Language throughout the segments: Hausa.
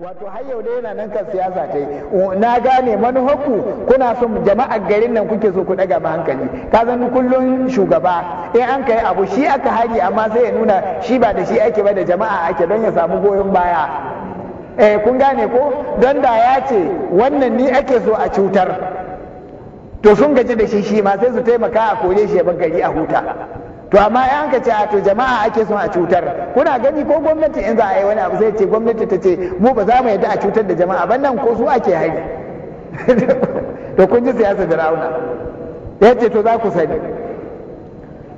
wato har yau dai yana nan kan siyasa yi. na gane manufarku kuna son jama'ar garin nan kuke so ku daga ba hankali ka zan kullum shugaba in an kai abu shi aka hari amma sai ya nuna shi ba da shi ake ba da jama'a ake don ya samu goyon baya eh kun gane ko don da ya ce wannan ni ake so a cutar to sun gaji da shi shi ma sai su taimaka a kore shi ya gari a huta to amma ya hanka ce a to jama'a ake son a cutar kuna gani ko gwamnati in za a yi wani abu zai ce gwamnati ta ce mu ba za mu yadda a cutar da jama'a ban nan ko su ake hari to kun ji siyasa da rauna ya ce to za ku sani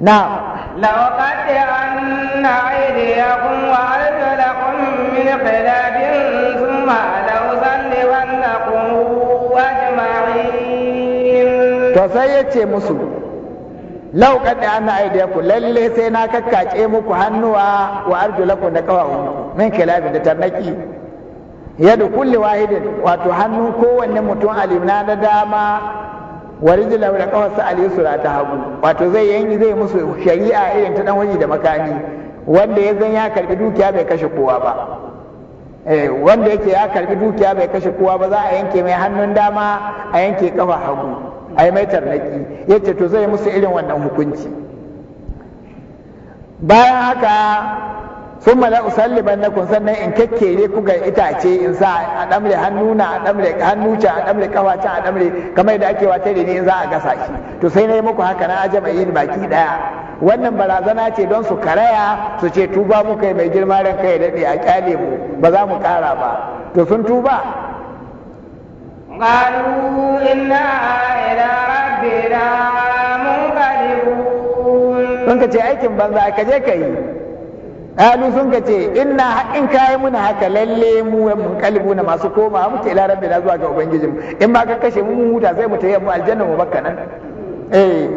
na لوقد أن أيديكم وأرجلكم من خلاف ثم لأصلبنكم أجمعين. فسيأتي مسلم Laukar da ana ku lalle sai na kakkace muku hannuwa wa lakum da kawawu min kilabin da tarnaki yadu kulli wahidin wato hannu kowanne mutum alimna na dama wa rijlahu da kawarsa al-yusra ta hagu wato zai yanki zai musu shari'a irin ta dan waje da makani wanda ya zan ya karbi dukiya bai kashe kowa ba eh, wanda yake ya karbi dukiya bai kashe kowa ba za a yanke mai hannun dama a yanke kafa hagu ai mai tarnaki yace to zai musu irin wannan hukunci bayan haka sun mala usalliban na sannan in kekkere ku ga itace in sa a damre hannuna, a damre hannu a damre kafa a damre kamar da ake wata da in za a gasa shi to sai na yi muku haka na ajaba yin baki daya wannan barazana ce don su karaya su ce tuba mu kai mai girma ran ya dade a kyale mu ba za mu kara ba to sun tuba قالوا إنا إلى ربنا منقلبون سنك تي أيكم بنزا كجيك قالوا سنك تي إنا إن كاي من هكا للي مو منقلبون ما سكوما مت إلى ربنا زوا كا إما ككشي مو موتا زي متي الجنة مبكنا إيه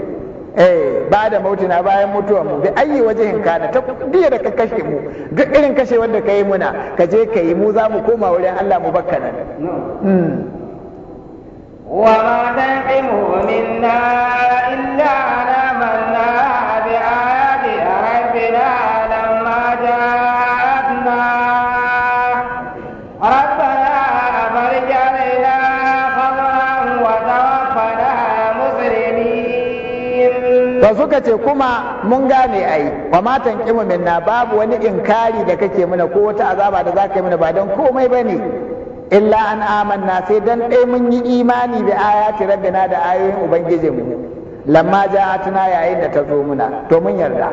eh ba da mautina bayan mutuwa mu bi ayi wajen kana ta diya da ka kashe mu duk irin kashe wanda ka yi muna ka je ka yi mu za mu koma wurin Allah mu bakka nan. وما تنقموا منا إلا آمنا بآيات ربنا لما جاءتنا ربنا علينا وتوفنا مسلمين كما mun gane ai wa matan kimu minna babu wani inkari da kake mana ko wata azaba da zaka yi mana ba don komai bane illa an amanna sai dan dai mun yi imani bi ayati rabbina da ayoyin ubangijinmu lamma ja'atuna yayin da ta zo muna to mun yarda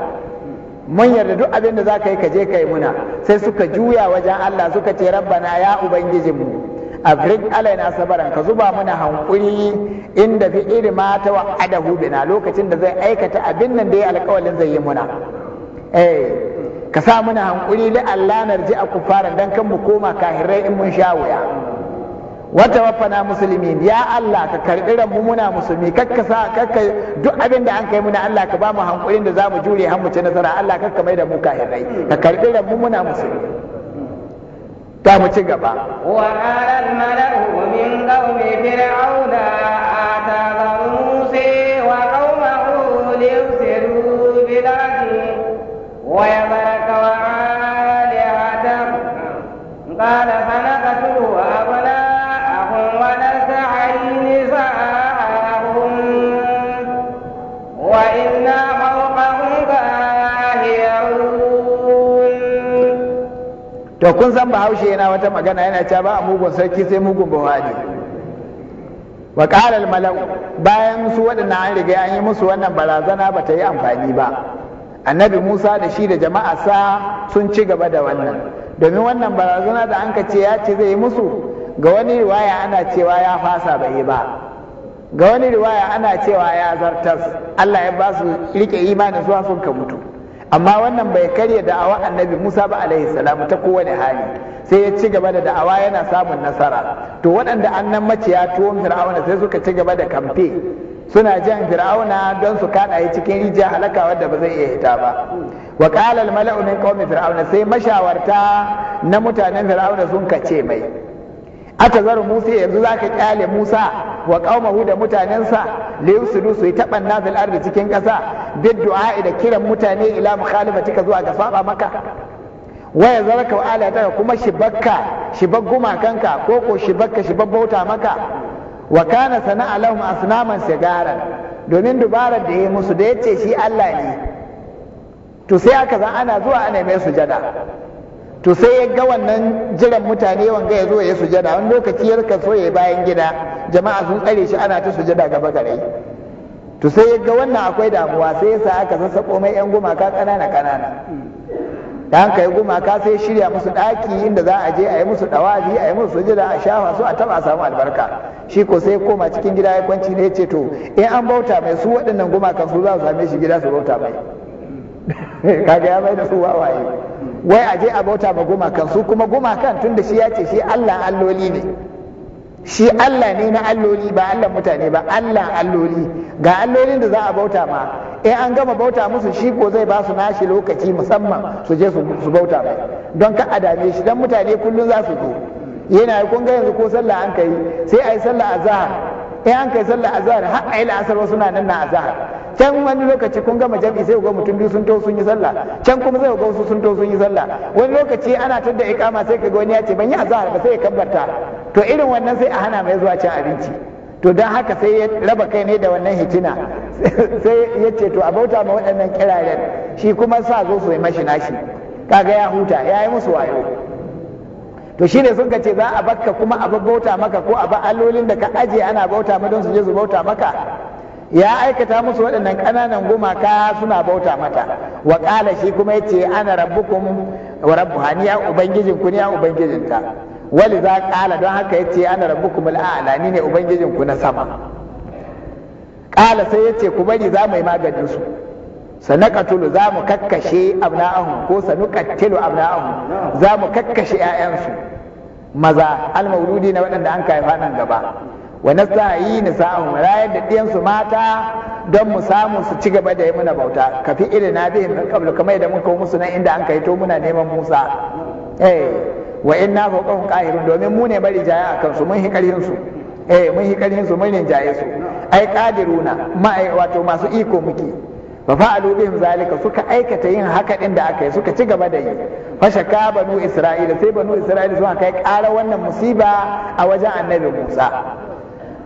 mun yarda duk abin da zaka yi ka je kai muna sai suka juya wajen Allah suka ce rabbana ya ubangijinmu afrik alaina sabaran ka zuba mana hankuri inda fi iri ma ta wa'adahu bina lokacin da zai aikata abin nan da ya alƙawalin zai yi muna eh ka sa mana hankuri da Allah narji a kufaran dan kan mu koma kahirai in mun sha wuya wata wafana musulmi ya Allah ka karbi ranmu muna musulmi kakka sa kakka duk abin da an kai muna Allah ka ba mu hankulin da zamu jure har mu ci nasara Allah kakka mai da mu kahirai ka karbi ranmu muna musulmi ta mu ci gaba wa qala al-mala'u min qawmi fir'auna قال فنقتل أبناءهم نساءهم وإنا فوقهم to kun san bahaushe yana wata magana yana cewa ba a mugun sarki sai mugun bawani wa qala malau bayan su waɗannan an riga an yi musu wannan barazana ba ta yi amfani ba annabi Musa da shi da jama'a sa sun ci gaba da wannan domin wannan barazana da an ce ya ce zai yi musu ga wani riwaya ana cewa ya fasa bai yi ba ga wani riwaya ana cewa ya zartas Allah ya ba su rike imanin zuwa sun ka mutu amma wannan bai karya da'awa annabi Musa ba alaihi salam ta kowane hali sai ya ci gaba da da'awa yana samun nasara to waɗanda annan maciya tuwon fir'auna sai suka ci gaba da kamfe suna jan fir'auna don su kaɗa cikin rijiya halaka da ba zai iya hita ba wa mala'umin al fir'auna sai mashawarta na mutanen fir'auna sun kace mai atazaru musa yanzu zaka kyale musa wa qaumahu da mutanensa li yusudu su tabanna fil ardi cikin ƙasa, bid du'a da kiran mutane ila mukhalifatika zuwa ga saba maka waya zaraka wa alataka kuma shibakka shibak gumakanka ko ko shibakka shibak bauta maka wa kana sana'a lahum naman sigaran domin dubarar da ya musu da yace shi Allah ne to sai aka za ana zuwa ana mai sujada to sai ya ga wannan jiran mutane wanga ya zo ya sujada wani lokaci ya ka so ya bayan gida jama'a sun tsare shi ana ta sujada gaba gare to sai ya ga wannan akwai damuwa sai ya sa aka sassaƙo mai yan gumaka ƙanana ƙanana da hanka ya gumaka sai shirya musu ɗaki inda za a je a yi musu ɗawaji a yi musu sujada a shafa su a taɓa a samu albarka shi ko sai koma cikin gida ya kwanci ne ya ce to in an bauta mai su waɗannan gumakan su za su same shi gida su bauta mai kaga ya bai da su wawaye wai a je a bauta ma gumakan su kuma gumakan tun da shi ya ce shi Allah alloli ne shi Allah ne na alloli ba Allah mutane ba Allah alloli ga allolin da za a bauta ma in an gama bauta musu shi ko zai ba su nashi lokaci musamman su je su bauta ma. don ka adame shi dan mutane kullun za su zo yana kun ga yanzu ko sallah an kai sai ai sallah azhar in an kai sallah azhar har ai la'asar wasu na nan na azhar can wani lokaci kun gama jam'i sai ga mutum biyu sun to sun yi sallah can kuma sai ga wasu sun to sun yi sallah wani lokaci ana da ikama sai ka ga wani ya ce ban yi azhar ba sai ya kabbarta to irin wannan sai a hana mai zuwa cin abinci to don haka sai ya raba kai ne da wannan hitina sai ya ce to a bauta ma waɗannan kiraren shi kuma sa zo su yi mashi nashi kaga ya huta ya yi musu wayo to shi ne sun ce za a bakka kuma a bauta maka ko a ba allolin da ka ajiye ana bauta ma don su je su bauta maka ya aikata musu waɗannan ƙananan gumaka suna bauta mata wa ƙala shi kuma ya ce ana rabbukum wa rabbuha ni ya ubangijin ku ni ya ta. wali za ƙala don haka ya ce ana rabbukum al'ala ni ne ubangijin ku na sama ƙala sai ya ce ku bari za mu yi maganin su sanaqatulu za mu kakkashe abna'ahum ko sanuqatilu abna'ahum za mu kakkashe ƴaƴansu. maza al-mauludi na waɗanda an kai faɗan gaba wa ni nisa'un rayar da ɗiyansu mata don mu samu su ci gaba da yi muna bauta Ka fi irin na biyan min qablu kamar yadda muka musu nan inda an kai to muna neman Musa eh wa inna fawqahum qahirun domin mu ne bari jaya akan su mun hi su eh mun hi karhin su mun rinjaye su ai qadiruna ma ai eh, wato masu iko muke fa fa'alu bihim zalika suka aikata yin haka din da aka yi suka ci gaba da yi fa shaka banu isra'ila sai banu isra'ila suka kai ƙara wannan musiba a wajen annabi Musa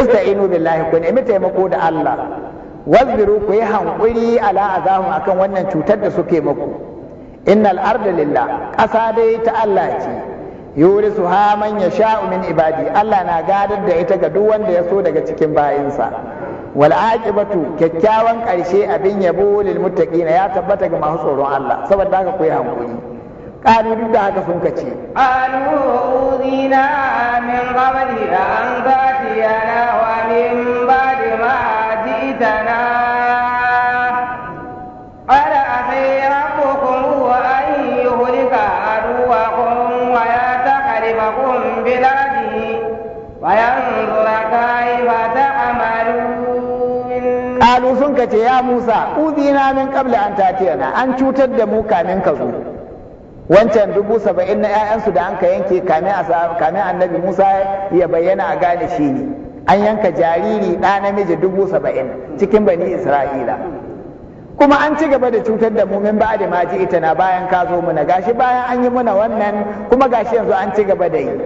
ista'inu billahi ku nemi taimako da Allah wazziru ku yi hankuri ala azahun akan wannan cutar da suke muku innal ardi lillah ƙasa dai ta Allah ce su ha man sha'u min ibadi Allah na gadar da ita ga duk wanda ya so daga cikin bayinsa wal aqibatu kyakkyawan karshe abin yabo lil muttaqina ya tabbata ga masu tsoron Allah saboda haka ku yi hankuri ƙa'idodin da aka sun kace qalu udina min qabli an tatiyana wa min ba'di ma jitana ala akhirakum wa an yuhlika arwakum wa yataqribakum bi dadi wa yanzura kayfa ta'malun qalu sun kace ya musa udina min qabli an tatiyana an cutar da mu kamin ka zo wancan dubu saba'in na 'ya'yansu da an ka yanke kame annabi musa ya bayyana a gane shi ne an yanka jariri ɗa namiji dubu saba'in cikin bani isra'ila kuma an ci gaba da cutar da mumin ba da maji ita na bayan ka zo muna gashi bayan an yi muna wannan kuma gashi yanzu an ci gaba da yi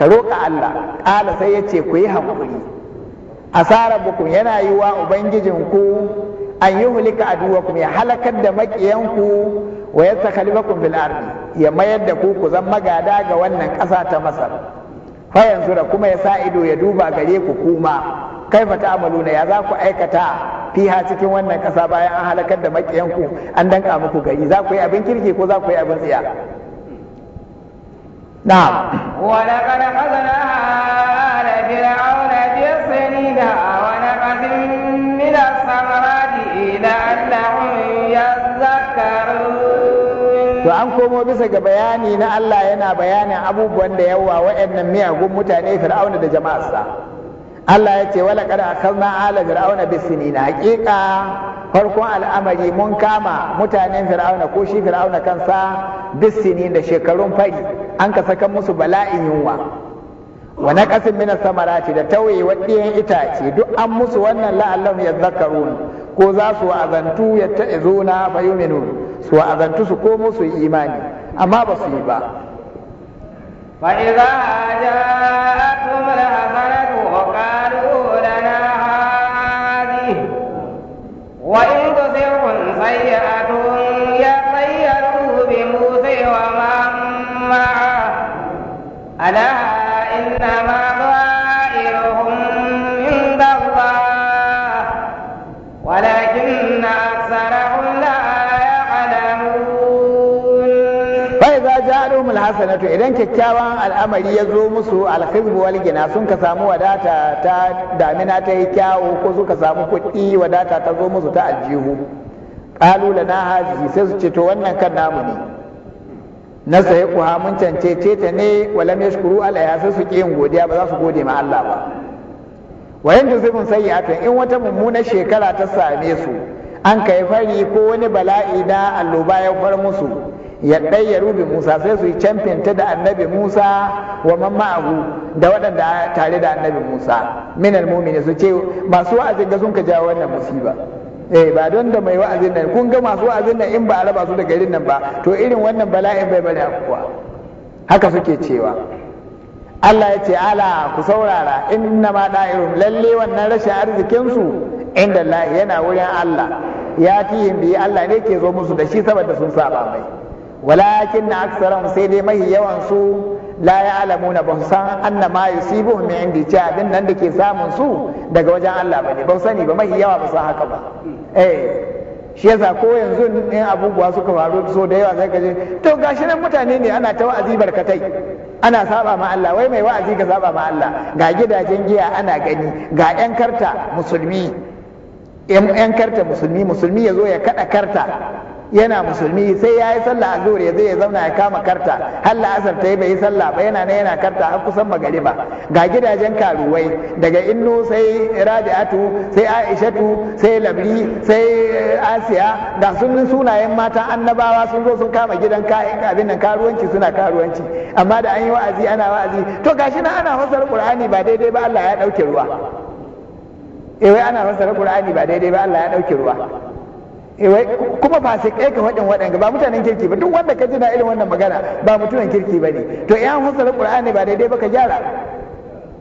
ka roƙa allah ƙala sai ya ce ku yi haƙuri asarar bukun yana yi wa ubangijinku an yi hulika aduwakum ya halakar da maƙiyanku wa yastakhlifakum fil ardi ya mayar da ku ku zan magada ga wannan ƙasa ta Masar fa yanzu da kuma ya sa ido ya duba gare ku kuma kaifa ta'maluna ya za ku aikata fiha cikin wannan ƙasa bayan an halakar da makiyanku an danka muku gari za ku yi abin kirki ko za ku yi abin tsiya Na. wa laqad an komo bisa ga bayani na Allah yana bayanin abubuwan da yawa waɗannan miyagun mutane fir'auna da jama'arsa Allah ya ce wala kada akalna ala fir'auna bisinina haqiqa farkon al'amari mun kama mutanen fir'auna ko shi fir'auna kansa bisini da shekarun fari an ka saka musu bala'in yunwa wa naqasin min samarati da tauyewa ɗiyan itace duk an musu wannan la'allahu yadhakkarun ko za su wa'azantu yatta'izuna fayuminu su wa'azantu su komo su yi imani amma ba su yi ba فإذا جاءتهم wa وقالوا wato idan kyakkyawan al'amari ya zo musu alhizbu wal gina sun ka samu wadata ta damina ta yi kyawo, ko suka samu kuɗi wadata ta zo musu ta aljihu qalu lana hazihi sai su ce to wannan kan namu ne na ku ha mun cancece ta ne shukuru Allah ya sai su ki yin godiya ba za su gode ma Allah ba wa yanzu sai mun sayyi'atan in wata mummuna shekara ta same su an kai fari ko wani bala'i na alloba ya far musu ya ɗayyaru bi Musa sai su yi camfinta da annabi Musa wa man ma'ahu da waɗanda tare da annabi Musa minal mu'mini su ce masu wa'azin ga sun ka jawo wannan musiba eh ba don da mai wa'azin nan kun ga masu wa'azin nan in ba a raba su da garin nan ba to irin wannan bala'in bai bari kuwa haka suke cewa Allah ya ce ala ku saurara inna ma da'irum lalle wannan rashin arzikin su inda Allah yana wurin Allah ya fi bi Allah ne ke zo musu da shi saboda sun saba mai walakin na aksaran sai dai mahi yawan su la ya alamu na ban san anna ma yusibu min indi ce abin nan da ke samun su daga wajen Allah bane ba sani ba mahi yawa ba haka ba eh shi yasa ko yanzu in abubuwa suka faru so da yawa sai ka je to gashi nan mutane ne ana ta wa'azi barkatai ana saba ma Allah wai mai wa'azi ka saba ma Allah ga gidajen giya ana gani ga yan karta musulmi yan karta musulmi musulmi ya zo ya kada karta yana musulmi sai ya yi sallah zuwa ya zai ya zauna ya kama karta har la'asar ta yi bai yi sallah ba yana ne yana karta har kusan magari ba ga gidajen karuwai daga innu sai rabi'atu sai aishatu sai labri sai asiya ga sun sunayen mata annabawa sun zo sun kama gidan abin nan karuwanci suna karuwanci amma da an yi wa'azi ana wa'azi to gashi na ana fasar qur'ani ba daidai ba Allah ya dauke ruwa eh wai ana fasar qur'ani ba daidai ba Allah ya dauke ruwa Eh, kuma kai ka faɗin waɗanga ba mutanen kirki ba duk wanda ka ji na irin wannan magana ba mutumin kirki ba ne to ya fassara qur'ani ba daidai ba ka gyara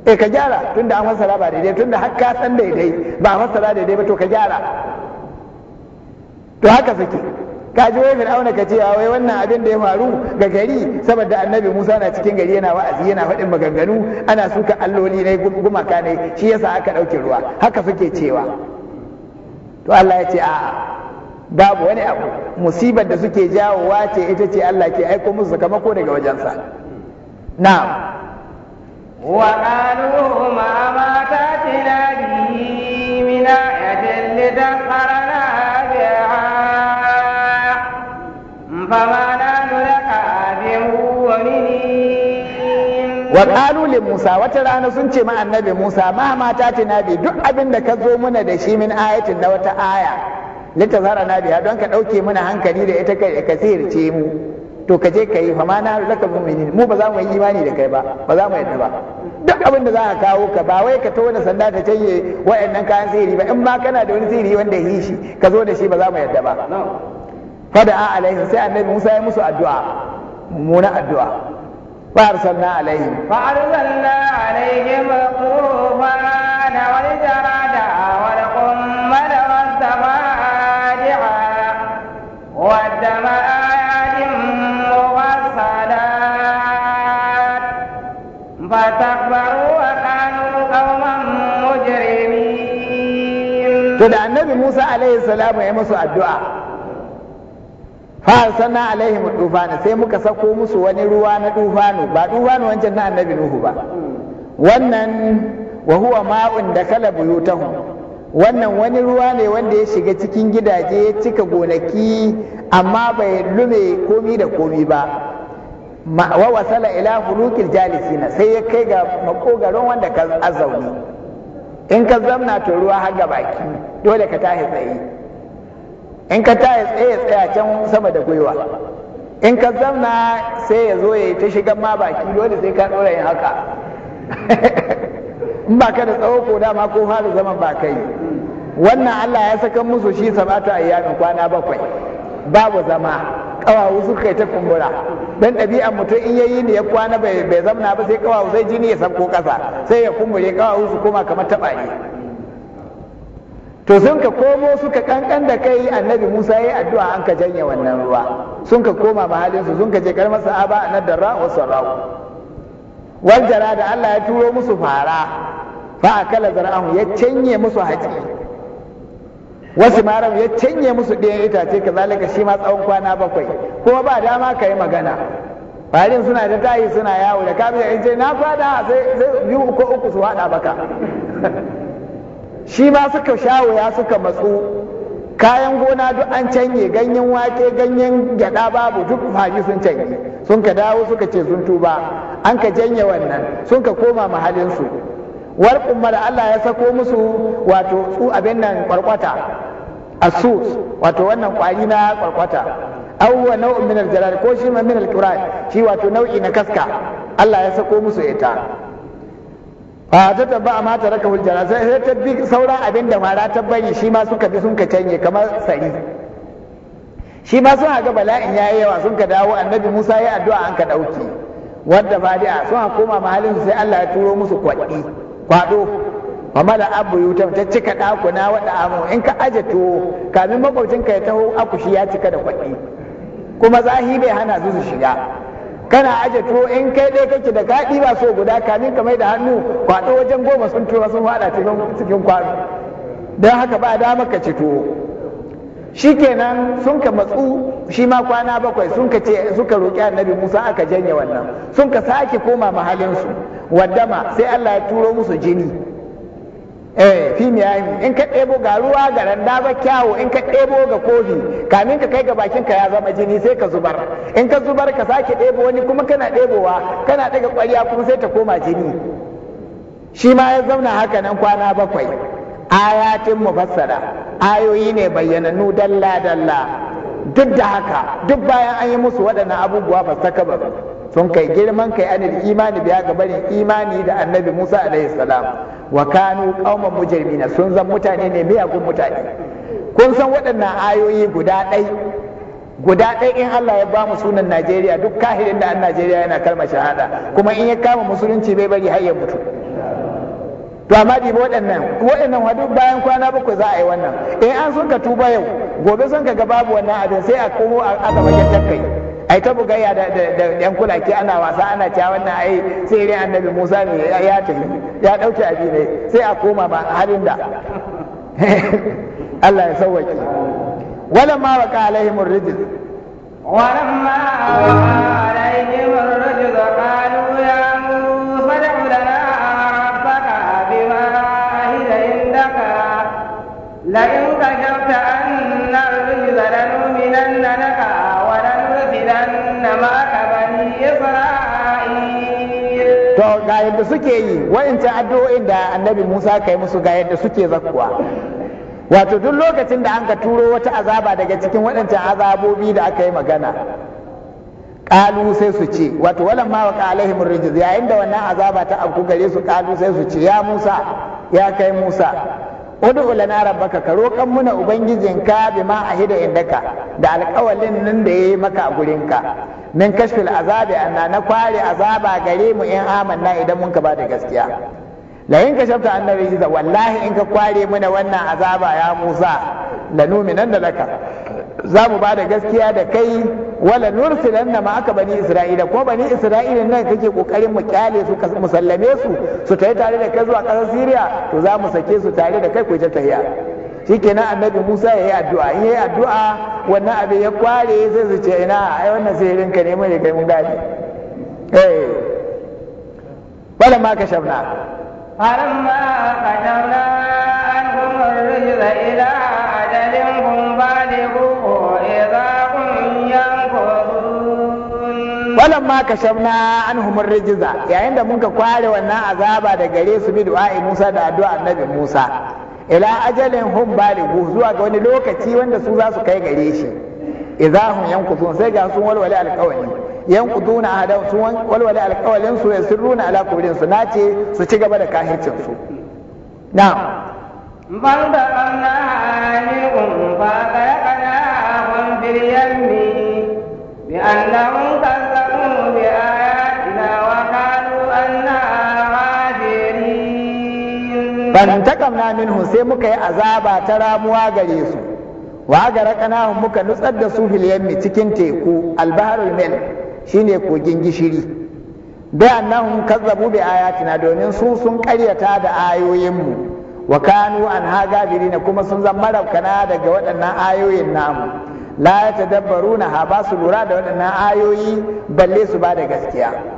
eh ka gyara tunda an fassara ba daidai tunda har ka san daidai ba fassara daidai ba to ka gyara to haka suke ka ji wai fir'auna ka ce ah, wai wannan abin da ya faru ga gari saboda annabi Musa na cikin gari yana wa'azi yana faɗin maganganu ana suka alloli ne gumaka ne shi yasa aka ɗauke ruwa haka suke cewa to Allah ya ce a'a babu wani abu musibar da suke jawowa ce ita ce Allah ke aiko musu sakamako daga wajensa na. wa qalu ma ma ta bihi min ayatin litakharana biha fama nanu laka bimu'minin wa qalu li Musa wata rana sun ce ma annabi Musa ma ma ta bi duk abin da ka zo muna da shi min ayatin na wata aya zara na biya don ka dauke mana hankali da ita kai ka ziyarce mu to ka je ka yi fa mana laka mu'minin mu ba za mu yi imani da kai ba ba za mu yadda ba duk abin da za ka kawo ka ba wai ka tona sanda ta canye wayannan kayan sihiri ba in ma kana da wani sihiri wanda yi shi ka zo da shi ba za mu yadda ba fada a alaihi sai annabi Musa ya musu addu'a na addu'a fa arsalna alaihim fa arsalna alaihim to da annabi musa تدعى النبي موسى musu addu'a, يمسوا sannan فأرسلنا mu الطوفان sai muka sako musu wani ruwa na dufanu. ba dufanu wancan na annabi nuhu ba wannan wa huwa ma'un da kala buyutahum wannan wani ruwa ne wanda ya shiga cikin gidaje cika gonaki amma bai lume komi da komi ba wa wasala ila hulukil jalisina sai ya kai ga makogaron wanda ka azauni in ka zamna to ruwa har ga baki dole ka tahi tsaye in ka tahi tsaye tsaya can sama da gwiwa in ka zamna sai ya zo ya yi ta shigan ma baki dole sai ka dora yin haka in ba ka da tsawo ko dama ko fara zaman ba kai wannan Allah ya saka musu shi sabata ayyamin kwana bakwai babu zama kawawu suka yi ta kumbura don ɗabi'an mutum in yayi ne ya kwana bai zamna ba sai kawawu sai jini ya sauko ƙasa sai ya kumbure kawawu su koma kamar ne to sun ka komo suka kankan da kai annabi musa ya yi addu'a an ka janye wannan ruwa sun ka koma mahalinsu sun ka je karmar sa'aba annad darra wa wasu wal jara da Allah ya turo musu fara fa akala zar'ahu ya canye musu haƙi wasu maram ya canye musu ɗayan itace zalika shi ma tsawon kwana bakwai kuma ba dama ka yi magana farin suna da tayi suna yawo da kafin in ce na fada sai biyu ko uku su haɗa baka shi ma suka shawo ya suka matsu kayan gona duk an canye ganyen wake ganyen gyada babu duk fari sun canye sun ka dawo suka ce sun tuba an ka janye wannan sun ka koma mahalinsu warkun da Allah ya sako musu wato su abin nan kwarkwata asus wato wannan kwari na kwarkwata awwa nau'in min aljalal ko shi ma min alqura shi wato nau'i na kaska Allah ya sako musu ita fa ta tabba ma ta raka huljalal sai ta bi sauran abin da mara ta bari shi ma suka bi sun ka canye kamar sari shi ma sun ga bala'in yayi yawa sun ka dawo annabi Musa ya addu'a an ka ɗauki. wadda ba sun koma mahalin sai Allah ya turo musu kwaɗi kwado famala abu yuta ta cika ɗakuna waɗa amu in ka aje tuwo kamin makwabcin ka ya taho akushi ya cika da kwaɗi kuma zahi bai hana zuzu shiga kana aje tuwo in kai dai kake da kaɗi ba so guda kamin ka mai da hannu kwaɗo wajen goma sun tuwo sun haɗa cikin kwaɗo don haka ba dama ka ci tuwo shikenan sun ka matsu shi ma kwana bakwai sun ka ce suka roƙi annabi Musa aka janye wannan sun ka sake koma mahalin su waddama sai Allah ya turo musu jini eh fi miyayin in ka ɗebo ga ruwa ga randa ba kyawo in ka ɗebo ga kofi kamin ka kai ga bakin ka ya zama jini sai ka zubar in ka zubar ka sake ɗebo wani kuma kana ɗebowa kana ɗaga ƙwarya kuma sai ta koma jini shi ma ya zauna haka nan kwana bakwai ayatin mufassara ayoyi ne bayyananu dalla dalla duk da haka duk bayan an yi musu waɗannan abubuwa ba ba sun kai girman kai anil imani biya ga barin imani da annabi Musa alaihi salam wa kanu qauman mujrimina sun zan mutane ne miyagun mutane kun san waɗannan ayoyi guda ɗai guda ɗai in Allah ya ba mu sunan Najeriya duk kahirin da an Najeriya yana kalmar shahada kuma in ya kama musulunci bai bari har ya mutu to amma dibi waɗannan waɗannan wa duk bayan kwana bakwai za a yi wannan Eh an sun ka tuba yau gobe sun ka ga babu wannan abin sai a komo a azaba kai ai ta bugayya da yan kulake ana wasa ana cewa wannan ai sai dai annabi Musa ne ya tafi ya dauke abi ne sai a koma ba halin da Allah ya sauwaki ma waqa alaihimur rijl ma waqa alaihimur yadda suke yi waɗancan addu'o'in da annabi Musa kai musu ga yadda suke zakkuwa wato duk lokacin da an ka turo wata azaba daga cikin waɗancan azabobi da aka yi magana ƙalu sai su ce wato walan ma wa alaihim rijz yayin da wannan azaba ta abku gare su ƙalu sai su ce ya Musa ya kai Musa udu ulana rabbaka ka roƙan muna ubangijinka bima inda indaka da alƙawalin nan da yayi maka a gurinka min kashfil azabi anna na kware azaba gare mu in amanna idan mun ka bada gaskiya la in kashafta annabi wallahi in ka kware muna wannan azaba ya Musa nan da laka za mu ba da gaskiya da kai wala nursilan na ma aka bani isra'ila ko bani isra'ila nan kake kokarin mu kyale su mu sallame su su tare tare da kai zuwa ƙasar Syria to za mu sake su tare da kai ku ta tahiya shikenan annabi Musa ya yi addu'a in ya yi addu'a wannan abin ya kware zai su ce ina ai wannan sai irin ka ne mai kai mun gane eh wala ma ka shafna. anhum rijla ila Walan ma ka shamna an humar rijiza yayin da muka kware wannan azaba da gare su bi du'a'i Musa da addu'a annabi Musa ila ajalin hum balighu zuwa ga wani lokaci wanda su za su kai gare shi idza hum yanqutun sai ga sun walwale alqawli yanqutun ahada sun walwale alqawlin su yasirruna ala kubrin su nace su ci gaba da kahincin su na'am bal da kana alikum fa kana hum bil yammi bi annahum min minhu sai muka yi azaba ta ramuwa gare su wa ga raƙanahum muka nutsar da su fil yammi cikin teku albaharul mil shine kogin gishiri da annahum kazzabu bi ayatina domin su sun karyata da ayoyinmu wa kanu an hagabirina kuma sun zama rakana daga waɗannan ayoyin namu la yatadabbaruna ha ba su lura da waɗannan ayoyi balle su ba da gaskiya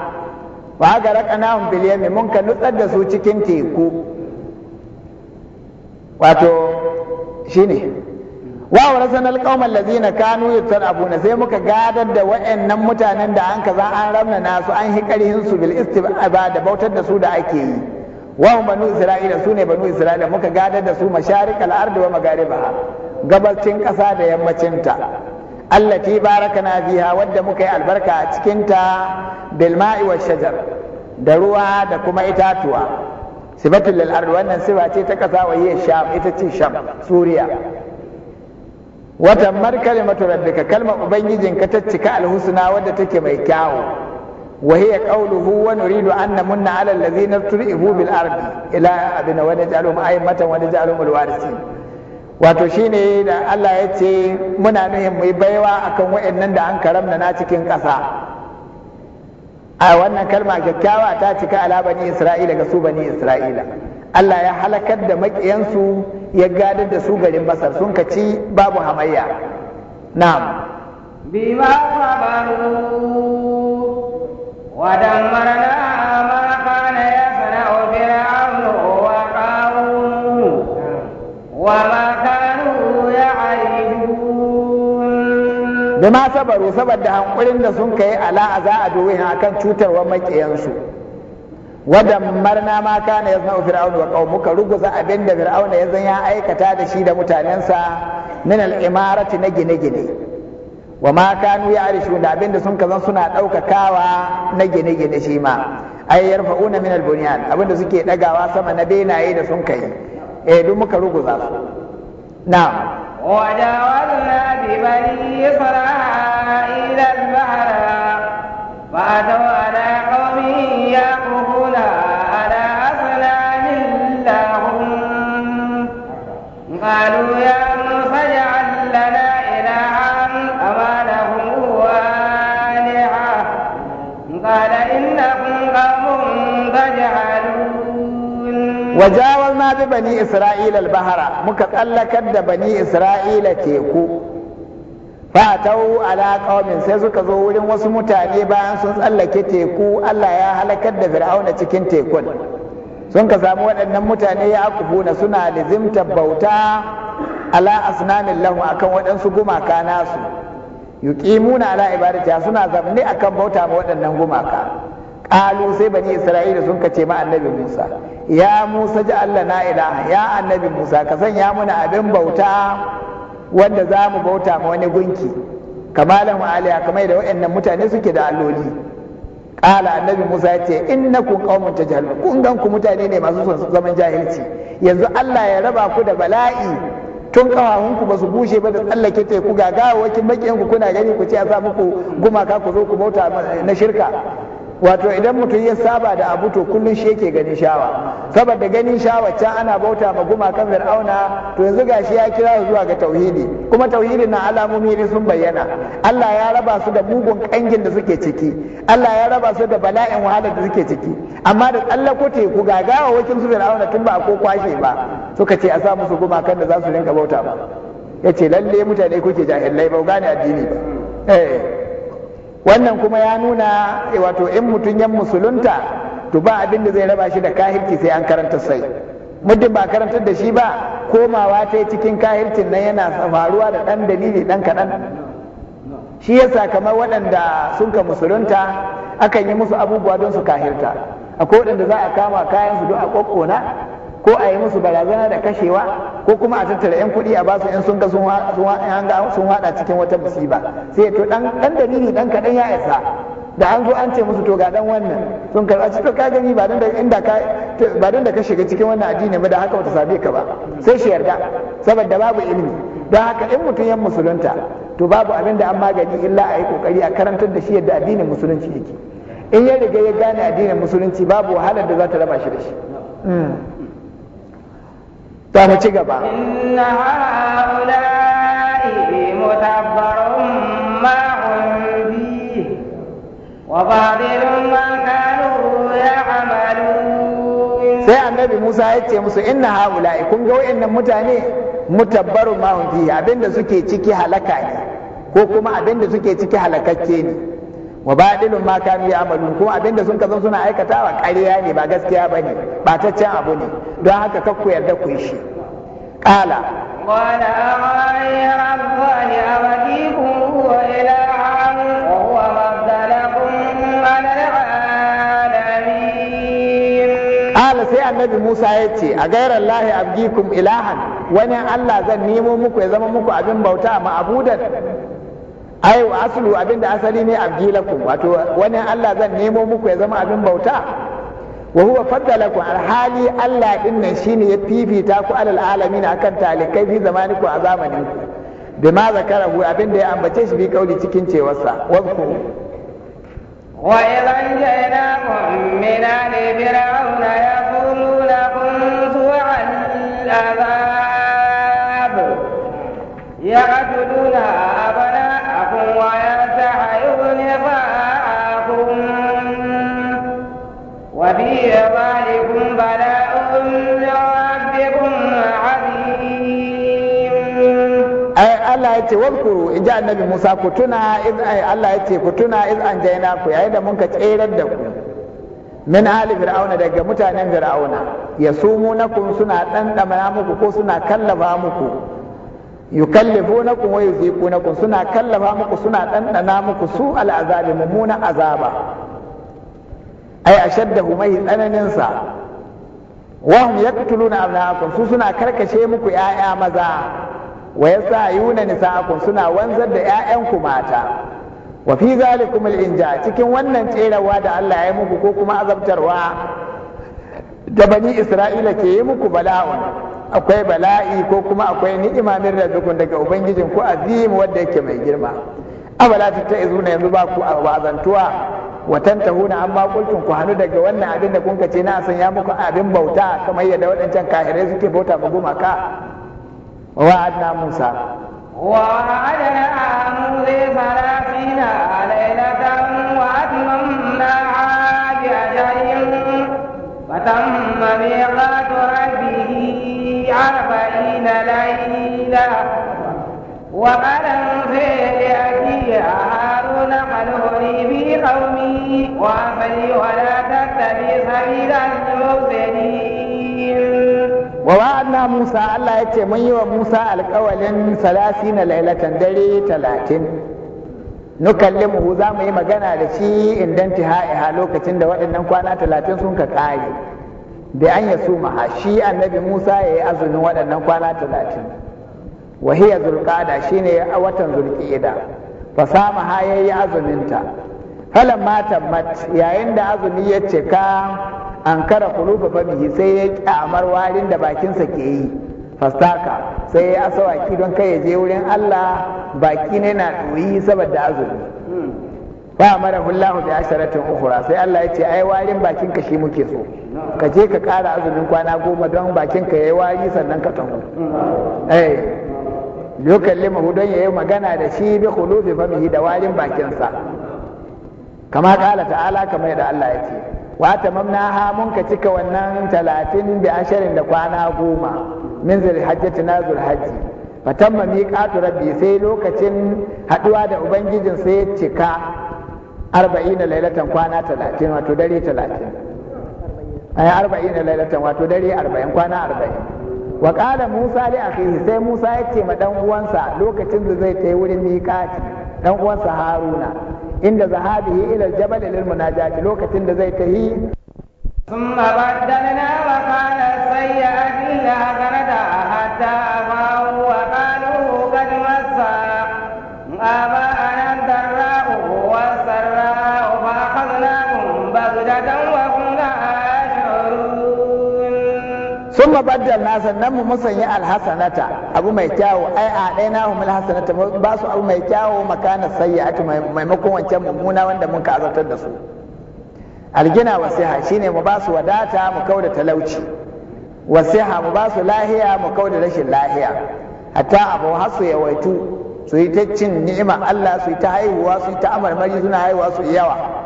wa garaƙanahum bil yami mun ka nutsar da su cikin teku wato shine wa warasan alqawmal ladzina kanu yatarabuna sai muka gadar da wayannan mutanen da an za an ramna nasu an hi karhin su bil istibaba da bautar da su da ake yi wa banu isra'ila sune banu isra'ila muka gadar da su masharikal ardi wa magaribaha gabacin ƙasa da yammacin ta allati barakana fiha wadda muka yi albarka a cikinta bil wa shajar da ruwa da kuma itatuwa sifatul lil ardi wannan sifa ce ta kasa wa yi sham ita ce sham suriya watan mar kalimatu rabbika kalmar ka ta cika alhusna wadda take mai kyawu wa hiya qawluhu wa nuridu an namunna ala allazina turibu bil ardi ila abina wa naj'aluhum aymatan wa naj'aluhum alwarisin wato shine da Allah ya ce muna nuhin mai baiwa a akan waɗannan da an karamna na cikin ƙasa a wannan kalma kyakkyawa ta cika ala bani isra'ila ga su bani isra'ila Allah ya halakar da maƙiyansu ya gadar da su garin Masar, sun kaci babu hamayya na'am bima sabaru wa ya sana'u fir'aunu wa qawmu wa bima sabaru saboda hankulin da sun kai ala a za a kan akan cutarwa makiyansu wadan marna ma kana ya zama fir'auna wa muka ruguza abin da fir'auna ya zan ya aikata da shi da mutanensa min al-imarati na gine-gine wa ma kanu ya arishu da abinda da sun kazan suna ɗaukakawa na gine-gine shi ma ai yarfa'una min al-bunyan abin da suke ɗagawa sama na benaye da sun kai eh duk muka ruguza su na'am وجاوزنا ببني إسرائيل البحر فأتوا على قوم يعكفون على أصنام لهم قالوا يا موسى اجعل لنا إلها كما لهم آلهة قال إنكم قوم تجهلون na bi bani isra'ila al-bahara muka tsallakar da bani isra'ila teku fa tau ala qaumin sai suka zo wurin wasu mutane bayan sun tsallake teku Allah ya halakar da fir'auna cikin tekun sun ka samu waɗannan mutane ya akubuna suna lizimta bauta ala asnamin lahu akan waɗansu gumaka nasu yuqimuna ala ibadati suna zamne akan bauta ma waɗannan gumaka qalu sai bani isra'ila sun kace ma annabi musa ya musa ji allah na ila, ya annabi musa ka sanya muna abin bauta wanda za mu bauta ma wani gunki kamalan aliya kamar da waɗannan mutane suke da alloli qala annabi musa ya ce innakum qaumun tajhalun kun gan ku mutane ne masu son zaman jahilci yanzu allah ya raba ku da bala'i tun kawahunku ba su bushe ba da tsallake teku ga gawawakin makiyanku kuna gani ku ce a sa gumaka ku zo ku bauta na shirka wato idan mutum ya saba da abu to kullum shi yake ganin shawa saboda ganin shawa can ana bauta ma gumakan fir'auna to yanzu gashi ya kira su zuwa ga tauhidi kuma tauhidin na alamomi ne sun bayyana Allah ya raba su da mugun kangin da suke ciki Allah ya raba su da bala'in wahala da suke ciki amma da tsallako teku gagawa wakin su fir'auna tun ba ko kwashe ba suka ce a sa musu gumakan da za su rinka bauta ba yace lalle mutane kuke jahilai ba gane addini ba eh wannan kuma ya nuna eh, wato in mutum yan musulunta to ba abin da zai raba shi da kahirci sai an karanta sai muddin ba karantar da shi ba komawa ta cikin kahircin nan yana faruwa da ɗan dalili ɗan kaɗan shi yasa kamar waɗanda sun ka musulunta akan yi musu abubuwa don su kahirta akwai waɗanda za a kama kayan su duk a ƙwaƙƙona ko a yi musu barazana da kashewa ko kuma a tattara 'yan kuɗi a basu 'yan sun ga sun haɗa cikin wata musiba sai to ɗan dalili ɗan kaɗan ya isa da an zo an ce musu to ga ɗan wannan sun karɓa ci to ka gani ba don da ka shiga cikin wannan addini ba da haka wata same ka ba sai shi yarda saboda babu ilimi don haka in mutum yan musulunta to babu abin da an magani illa a yi kokari a karantar da shi yadda addinin musulunci yake in ya riga ya gane addinin musulunci babu wahalar da za ta raba shi da shi hmm. ta mu ci gaba inna haula'i mutabbarun ma wa badirun ma kanu sai annabi Musa ya ce musu inna haula'i kun ga wayannan mutane mutabbarun ma hum abinda suke ciki halaka ne ko kuma abinda suke ciki halakakke ne wa baɗilun ma kanu ya amalu kuma abinda sun kazan suna aikatawa ƙarya ne ba gaskiya ba ne ɓataccen abu ne don haka kakku yarda ku shi ƙala قال أغير الله أوديكم وإلها وهو مبدلكم من العالمين قال سي النبي موسى يتي أغير الله أبديكم إلها wani Allah zan nemo muku ya zama muku abin bauta ma'abudan ai wa aslu abinda asali ne abdilakum wato wani Allah zan nemo muku ya zama abin bauta wa huwa faddalakum alhali Allah din nan shine ya fifita ku alal alamin akan talikai fi zamaniku a zamanin ku bima zakarahu abinda ya ambace shi bi kauli cikin cewarsa wazku wa idan jaina min ali fir'auna yaquluna kuntu an al-azab yaqtuluna ya ce wadkuru in ji annabi Musa ku tuna Allah ya ce ku tuna iz an jaina ku yayin da mun ka tserar da ku min ali fir'auna daga mutanen fir'auna ya sumu kun suna damana muku ko suna kallafa muku na yukallifunakum na kun suna kallafa muku suna dandana muku su al'azabi mummunan azaba ai ashaddahu mai tsananin sa wahum yaqtuluna abnaakum su suna karkashe muku 'ya'ya maza wa yuna nisa'akum suna wanzar da ƴaƴanku mata wa fi zalikum al-inja cikin wannan tserawa da Allah ya yi muku ko kuma azabtarwa da bani Isra'ila ke yi muku bala'un akwai bala'i ko kuma akwai ni'ima min rabbikum daga ubangijin ku azim wanda yake mai girma abala ta izuna yanzu ba ku wazantuwa wa tantahuna amma kulkin ku hanu daga wannan abin da kun ce na san ya muku abin bauta kamar yadda waɗancan kahirai suke bauta ma gumaka وعدنا موسى ووعدنا موسى ثلاثين ليلة وأتممناها بأجل فتم ميقات ربه أربعين ليلة وقال انفر لأجي هارون خلوني في قومي وأصلي ولا تتبع سبيل المفسدين da Musa Allah ya ce mun yi wa Musa alƙawalin salasi na lailatan dare talatin mu za mu yi magana da shi idan taha-iha lokacin da waɗannan kwana talatin sun ka ƙare da an ya suma shi annabi Musa ya yi azumin waɗannan kwana talatin wahiya zulƙada shi ne watan fa fasama ha ya yi azuminta falan matan mat yayin da azumi ya cika an kara kuluba babihi sai ya kyamar warin da bakinsa ke yi fastaka sai ya asawaki don kai ya je wurin Allah baki ne na ɗoyi saboda azumi ba mara hullahu bi asharatin ukhra sai Allah ya ce ai warin bakin ka shi muke so ka je ka kara azumin kwana goma don bakin ka yayi wari sannan ka tafi eh yukallimu don yayi magana da shi bi khulufi famihi da warin bakinsa kama kala ta'ala kamar da Allah ya ce mamna ha mun ka cika wannan talatin da ashirin da kwana goma min zulhajjati na zulhajji fatamma miqatu rabbi sai lokacin haduwa da ubangijin sai ya cika arba'ina lailatan kwana talatin wato dare talatin ay arba'ina lailatan wato dare arba'in kwana arba'in wa qala musa li akhihi sai musa ya ce ma dan uwansa lokacin da zai kai wurin miqati dan uwansa haruna inda zahabihi ila aljabal lil munajati lokacin da zai tahi thumma baddalna wa kana sayyi'ati illa ghanada hatta ma huwa qalu sun mabaddal na sannan mu musanya alhasanata abu mai kyawu ai a ɗaya na humul hasanata ba su abu mai kyawu makana sayyatu maimakon wancan mummuna wanda mun ka azartar da su algina wasiha shine mu ba su wadata mu kauda talauci wasiha mu ba su lahiya mu kauda rashin lahiya hatta abu hasu yawaitu su yi ta cin Allah su yi ta haihuwa su yi ta amarmari suna haihuwa su yawa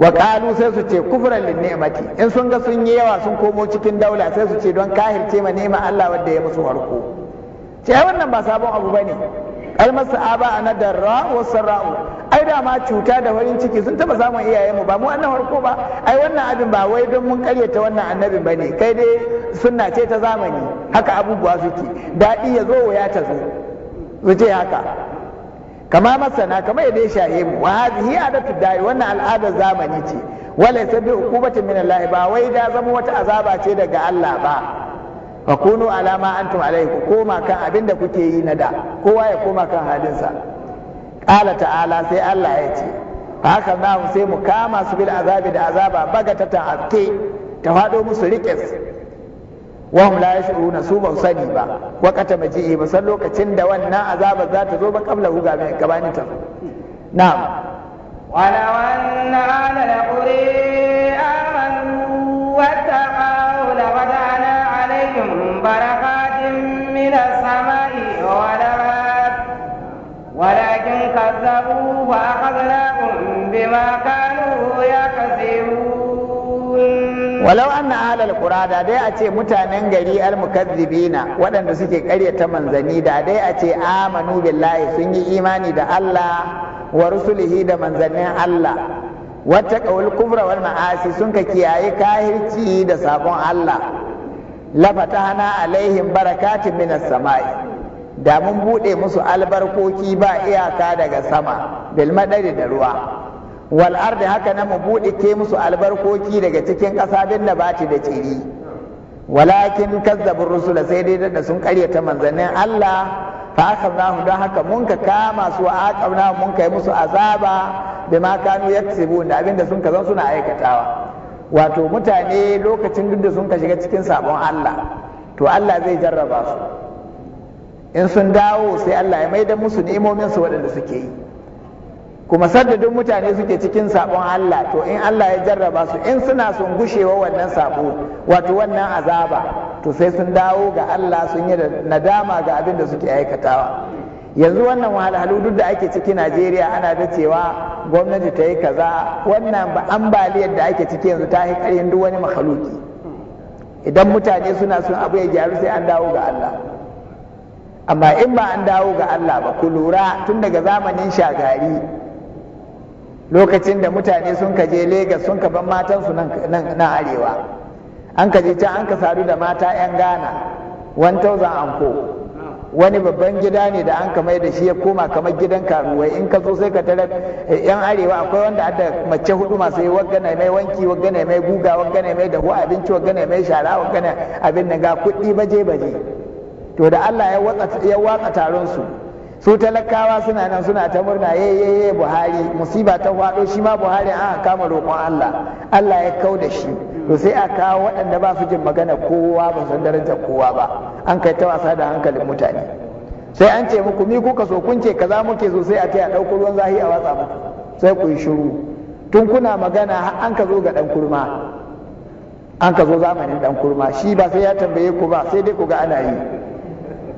wa kalu sai su ce kufran lin ni'mati in sun ga sun yi yawa sun komo cikin daula sai su ce don kahirce ma nema Allah wanda ya musu harko ce wannan ba sabon abu bane kalmar sa'aba ana darra wa sarra'u ai da ma cuta da farin ciki sun taba samun iyayen mu ba mu annan harko ba ai wannan abin ba wai don mun karyata wannan annabin bane kai dai sunna ce ta zamani haka abubuwa suke daɗi ya zo ya ta zo haka kama masana kama ya shahe mu wa hadhihi adatu dai wannan al'adar zamani ce wala bi hukumatin min Allah ba wai da zama wata azaba ce daga Allah ba fa kunu ala ma antum alayhi ku kan abinda kuke yi na da kowa ya koma kan halinsa qala ta'ala sai Allah ya ce haka na sai mu kama su bil azabi da azaba baga afke ta fado musu riƙes wa hum la yashuruna su ban sani ba wa qata maji'i ba san lokacin da wannan azaba za ta zo ba kabla hu ga mai gabanin ta na'am wa la wanna ala alquri amanu wa taqaw la wadana alaihim barakatin min as-sama'i wa ولكن كذبوا فأخذناهم بما كانوا يكسبون walau anna ahlal qura da dai a ce mutanen gari almukazzibina waɗanda suke ƙaryata manzanni da dai a ce amanu billahi sun yi imani da Allah wa rusulihi da manzannin Allah wata kawul kubra wal ma'asi sun ka kiyaye kahirci da sabon Allah hana alaihin barakatin minas sama'i da mun buɗe musu albarkoki ba iyaka daga sama bil madari da ruwa wal ardi haka na mu buɗe musu albarkoki daga cikin ƙasa din da bati da ciri walakin kazzabin rusula sai dai da sun ta manzannin Allah fa akhadnahum don haka mun ka kama su a kauna mun kai musu azaba bima kanu da abinda sun ka suna aikatawa wato mutane lokacin duk da sun ka shiga cikin sabon Allah to Allah zai jarraba su in sun dawo sai Allah ya maida musu ni'imomin su waɗanda suke yi kuma duk mutane suke cikin sabon Allah to in Allah ya jarraba su in suna sun gushewa wannan sabo wato wannan azaba to sai sun dawo ga Allah sun yi nadama ga abin da suke aikatawa yanzu wannan wahalhalu duk da ake ciki Najeriya ana da cewa gwamnati ta yi kaza wannan ba ambaliyar da ake ciki yanzu ta yi ƙaryin duk wani makhaluki idan mutane suna sun abu ya gyaru sai an dawo ga Allah amma in ba an dawo ga Allah ba ku lura tun daga zamanin shagari lokacin da mutane sun kaje Legas sun ban matansu nan arewa an kaje can an ka sadu da mata 'yan Ghana 1000 anko wani babban gida ne da an ka mai da shi ya koma kamar gidan karuwai in ka zo sai ka tarar yan eh, arewa akwai wanda da mace hudu masu yi waggana mai wanki waggana mai guga waggana mai dahu abinci waggana mai shara waggana abin nan ga kuɗi baje baje to da Allah ya watsa taron su su talakawa suna nan suna ta murna yayyaye buhari musiba ta faɗo shi ma buhari an kama roƙon allah allah ya kau da shi to sai a kawo waɗanda ba su jin magana kowa ba san darajar kowa ba an kai ta wasa da hankalin mutane sai an ce muku mi kuka so kun ce kaza muke so sai a taya a ɗauko ruwan zahi a watsa muku sai ku yi shiru tun kuna magana an ka zo ga ɗan kurma an ka zo zamanin ɗan kurma shi ba sai ya tambaye ku ba sai dai ku ga ana yi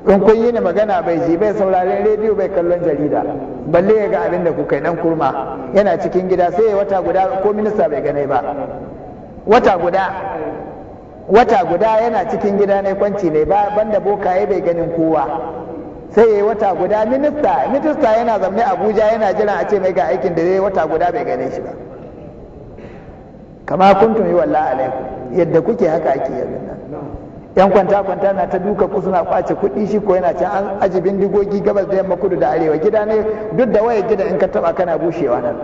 in kun yi ni magana bai ji bai sauraren rediyo bai kallon jarida balle ya ga abin da kuka dan kurma yana cikin gida sai ya wata guda ko minista bai gane ba wata guda wata guda yana cikin gida ne kwanci ne ba banda bokaye bai ganin kowa sai ya wata guda minista minista yana zamne abuja yana jiran a ce mai ga aikin da zai wata guda bai gane shi ba kama kuntum yi wallahi alaikum yadda kuke haka ake yanzu yan kwanta kwanta na ta duka ku suna kwace kuɗi shi ko yana can an ajibin bindigogi gabas da yamma kudu da arewa gida ne duk da waya gida in ka taba kana bushewa nan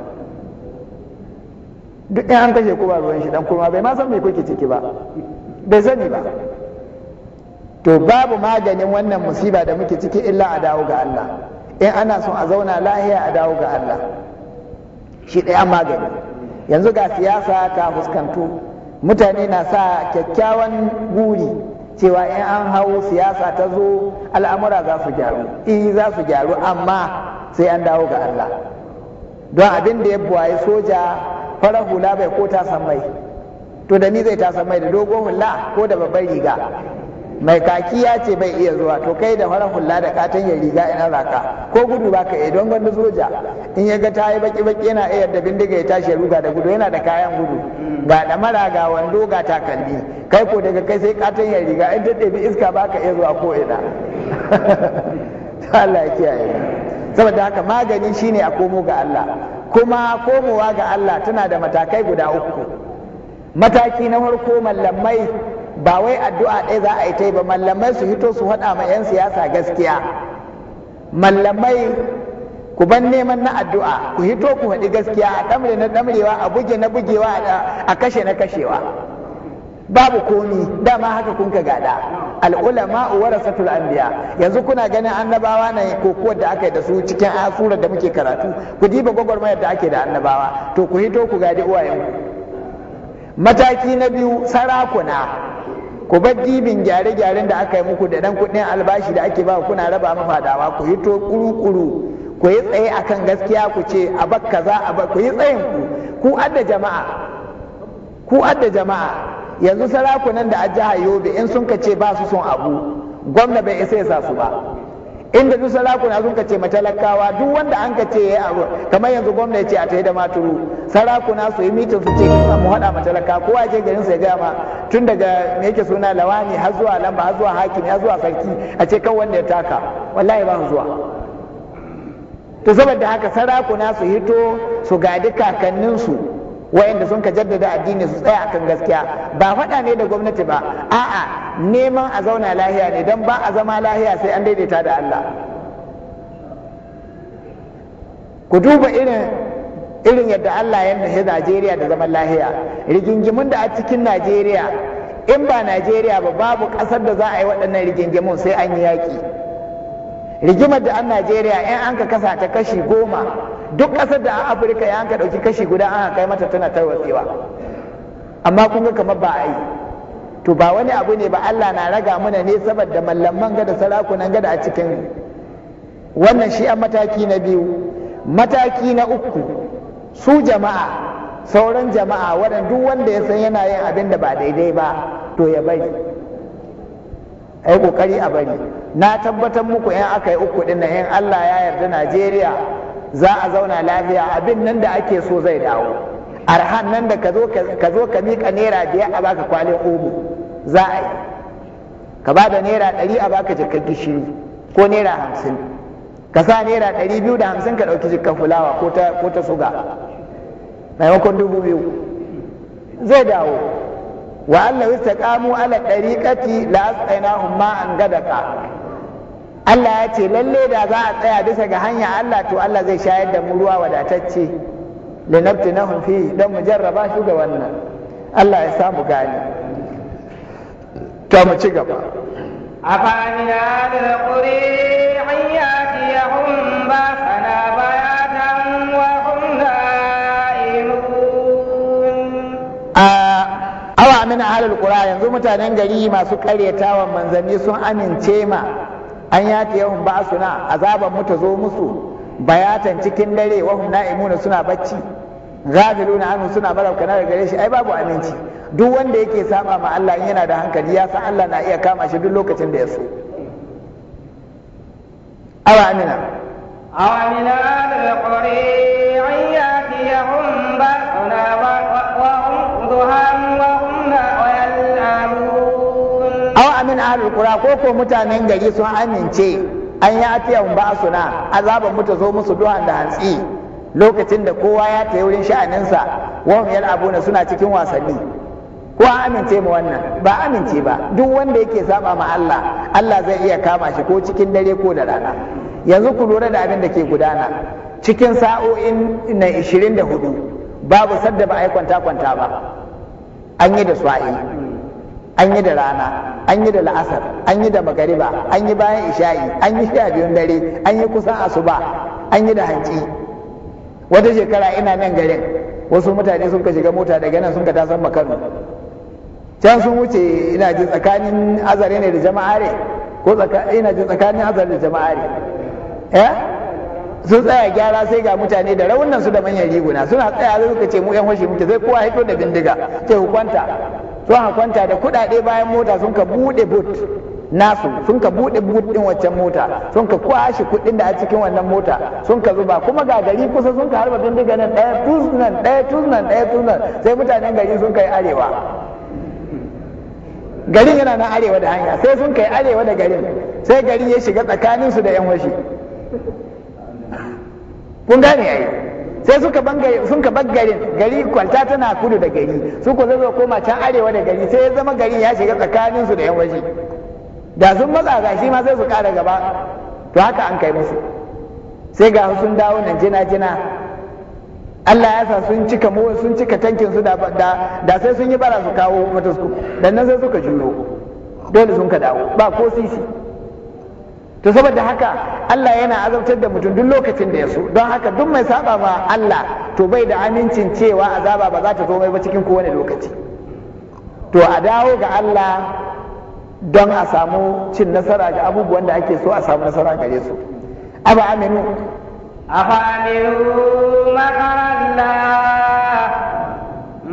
duk in an kashe ku ba ruwan shi dan kuma bai ma san me kuke ciki ba bai sani ba to babu maganin wannan musiba da muke ciki illa a dawo ga Allah in ana son a zauna lahiya a dawo ga Allah shi ɗaya magani yanzu ga siyasa ta fuskantu. mutane na sa kyakkyawan guri cewa in an hau siyasa ta zo al'amura za su gyaru eh za su gyaru amma sai an dawo ga Allah don abin da ya buwaye soja farar hula bai ko ta san mai to da ni zai ta san mai da dogon hula ko da babbar riga mai kaki ya ce bai iya zuwa to kai da farar hula da katon ya riga ina zaka ko gudu ba ka iya don soja in ya ga ta yi baki baki yana iya da bindiga ya tashi ya ruga da gudu yana da kayan gudu ga damara ga wando ga takalmi kai ko daga kai sai katon ya riga in ta ɗebi iska ba ka iya zuwa ko ina Allah ya saboda haka magani shine a komo ga Allah kuma komowa ga Allah tana da matakai guda uku mataki na farko mallamai ba wai addu'a ɗaya za a yi ta yi ba mallamai su hito su haɗa ma 'yan siyasa gaskiya mallamai ku ban neman na addu'a ku hito ku haɗi gaskiya a ɗamre na ɗamrewa a buge na bugewa a kashe na kashewa babu komi dama haka kun ka gada al'ulama satul anbiya yanzu kuna ganin annabawa na kokowar da aka yi da su cikin asurar da muke karatu ku diba gwagwarmayar da ake da annabawa to ku hito ku gadi uwayenku mataki na biyu sarakuna ku bar jibin gyare-gyaren da aka yi muku da dan kuɗin albashi da ake ba kuna raba fadawa ku to kuru-kuru ku yi tsaye akan gaskiya ku ce a bak kaza a bar ku yi tsayin ku ku adda jama'a ku adda jama'a yanzu sarakunan da a jihar Yobe in sun ka ce ba su son abu gwamna bai isa ya sa su ba inda duk na zuka ma matalakawa duk wanda an ce yayi abu kamar yanzu gwamnati ce a tayi da maturu na su yi mitin su ce mu hada matalaka kowa je garin sa ya gaya ma tun daga me yake suna lawani har zuwa lamba har zuwa hakimi har zuwa sarki a ce kan wanda ya taka wallahi ba zuwa to saboda haka sarakuna su hito su gadi kakanninsu wayanda sun ka jaddada addini su tsaya akan gaskiya ba faɗa ne da gwamnati ba a'a neman a zauna lahiya ne don ba a zama lahiya sai an daidaita da Allah ku duba irin irin yadda Allah ya nufi Najeriya da zaman lahiya rigingimun da a cikin Najeriya in ba Najeriya ba babu ƙasar da za a yi waɗannan rigingimun sai an yi yaƙi rigimar da an Najeriya in an ka kasa ta kashi goma duk ƙasar da a afirka ya hanka ɗauki kashi guda an kai mata tana tarwatsewa amma kun ga kamar ba a yi to ba wani abu ne ba allah na raga mana ne saboda mallaman gada sarakunan gada a cikin wannan shi a mataki na biyu mataki na uku su jama'a sauran jama'a waɗanda duk wanda ya san yana yin abin da ba daidai ba to ya bari a yi ƙoƙari a bari na tabbatar muku in aka yi uku ɗin in allah ya yarda najeriya za a zauna lafiya abin nan da ake so zai dawo arhan nan da ka zo ka miƙa naira biyar a baka kwalin omo za a yi ka ba da naira ɗari a baka jikka gishiri ko naira hamsin ka sa naira ɗari biyu da hamsin ka ɗauki jikka fulawa ko ta suga maimakon dubu biyu zai dawo wa Allah wista kamu ala ɗariƙati la asainahum ma an gadaka Allah ya ce lalle da za a tsaya bisa ga hanya Allah to Allah zai shayar da mu ruwa wadatacce linabti na hunfi don mu jarraba shi ga wannan Allah ya samu gani ta mu ci gaba a fa'amina da ƙuri hanya ki ya hun ba sana ba ya wa hun da ilu a awa mina halar ƙura yanzu mutanen gari masu ƙaryatawan manzanni sun amince ma an ba su ba'suna azaban mu ta zo musu bayatan cikin dare wa na'imuna suna bacci ghafiluna anhu suna kana da gare shi ai babu aminci duk wanda yake saba ma Allah yana da hankali ya san Allah na iya kama shi duk lokacin da ya so awa amina awa amina da qari ba ba'suna wa hum min ahlul qura ko ko mutanen gari sun amince an yi atiyan ba su na azaban mu ta zo musu duha da hantsi lokacin da kowa ya tayi wurin sha'aninsa wa hum na suna cikin wasanni ko an amince mu wannan ba amince ba duk wanda yake saba ma Allah Allah zai iya kama shi ko cikin dare ko da rana yanzu ku lura da abin da ke gudana cikin sa'o'in na 24 babu sadda ba a kwanta kwanta ba an yi da yi. an yi da rana an yi da la'asar an yi da magariba an yi bayan isha'i an yi sha biyun dare an yi kusan asuba an yi da hanci wata shekara ina nan garin wasu mutane sun ka shiga mota daga nan sun ka tasar makano can sun wuce ina ji tsakanin azare ne da jama'a ko ina ji tsakanin azare da jama'a ne eh sun tsaya gyara sai ga mutane da raunan su da manyan riguna suna tsaya zai suka ce mu yan hoshi muke zai kowa hito da bindiga sai hukwanta sun ha kwanta da kuɗaɗe bayan mota sun ka buɗe but nasu sun ka buɗe but ɗin waccan mota sun ka kwashe kuɗin da a cikin wannan mota sun ka zuba kuma ga gari kusa sun ka harba bindiga nan ɗaya tus nan ɗaya tus nan ɗaya tus nan sai mutanen gari sun kai arewa garin yana nan arewa da hanya sai sun kai arewa da garin sai gari ya shiga tsakaninsu da 'yan washi kun gane ai sai suka bangare sun ka bangare gari kwalta tana kudu da gari su ko zai koma can arewa da gari sai ya zama gari ya shiga tsakanin su da yan waje da sun matsa ga shi ma sai su kara gaba to haka an kai musu sai ga sun dawo nan jina jina Allah ya sa sun cika mu sun cika tankin su da da sai sun yi bara su kawo matasku dan nan sai suka juyo dole sun ka dawo ba ko sisi to saboda haka Allah yana azabtar da mutum duk lokacin da ya so don haka duk mai saba ba Allah to bai da amincin cewa azaba ba za ta zo mai ba cikin kowane lokaci to a dawo ga Allah don a samu cin nasara ga abubuwan da ake so a samu nasara gare su aba aminu afa aminu makaralla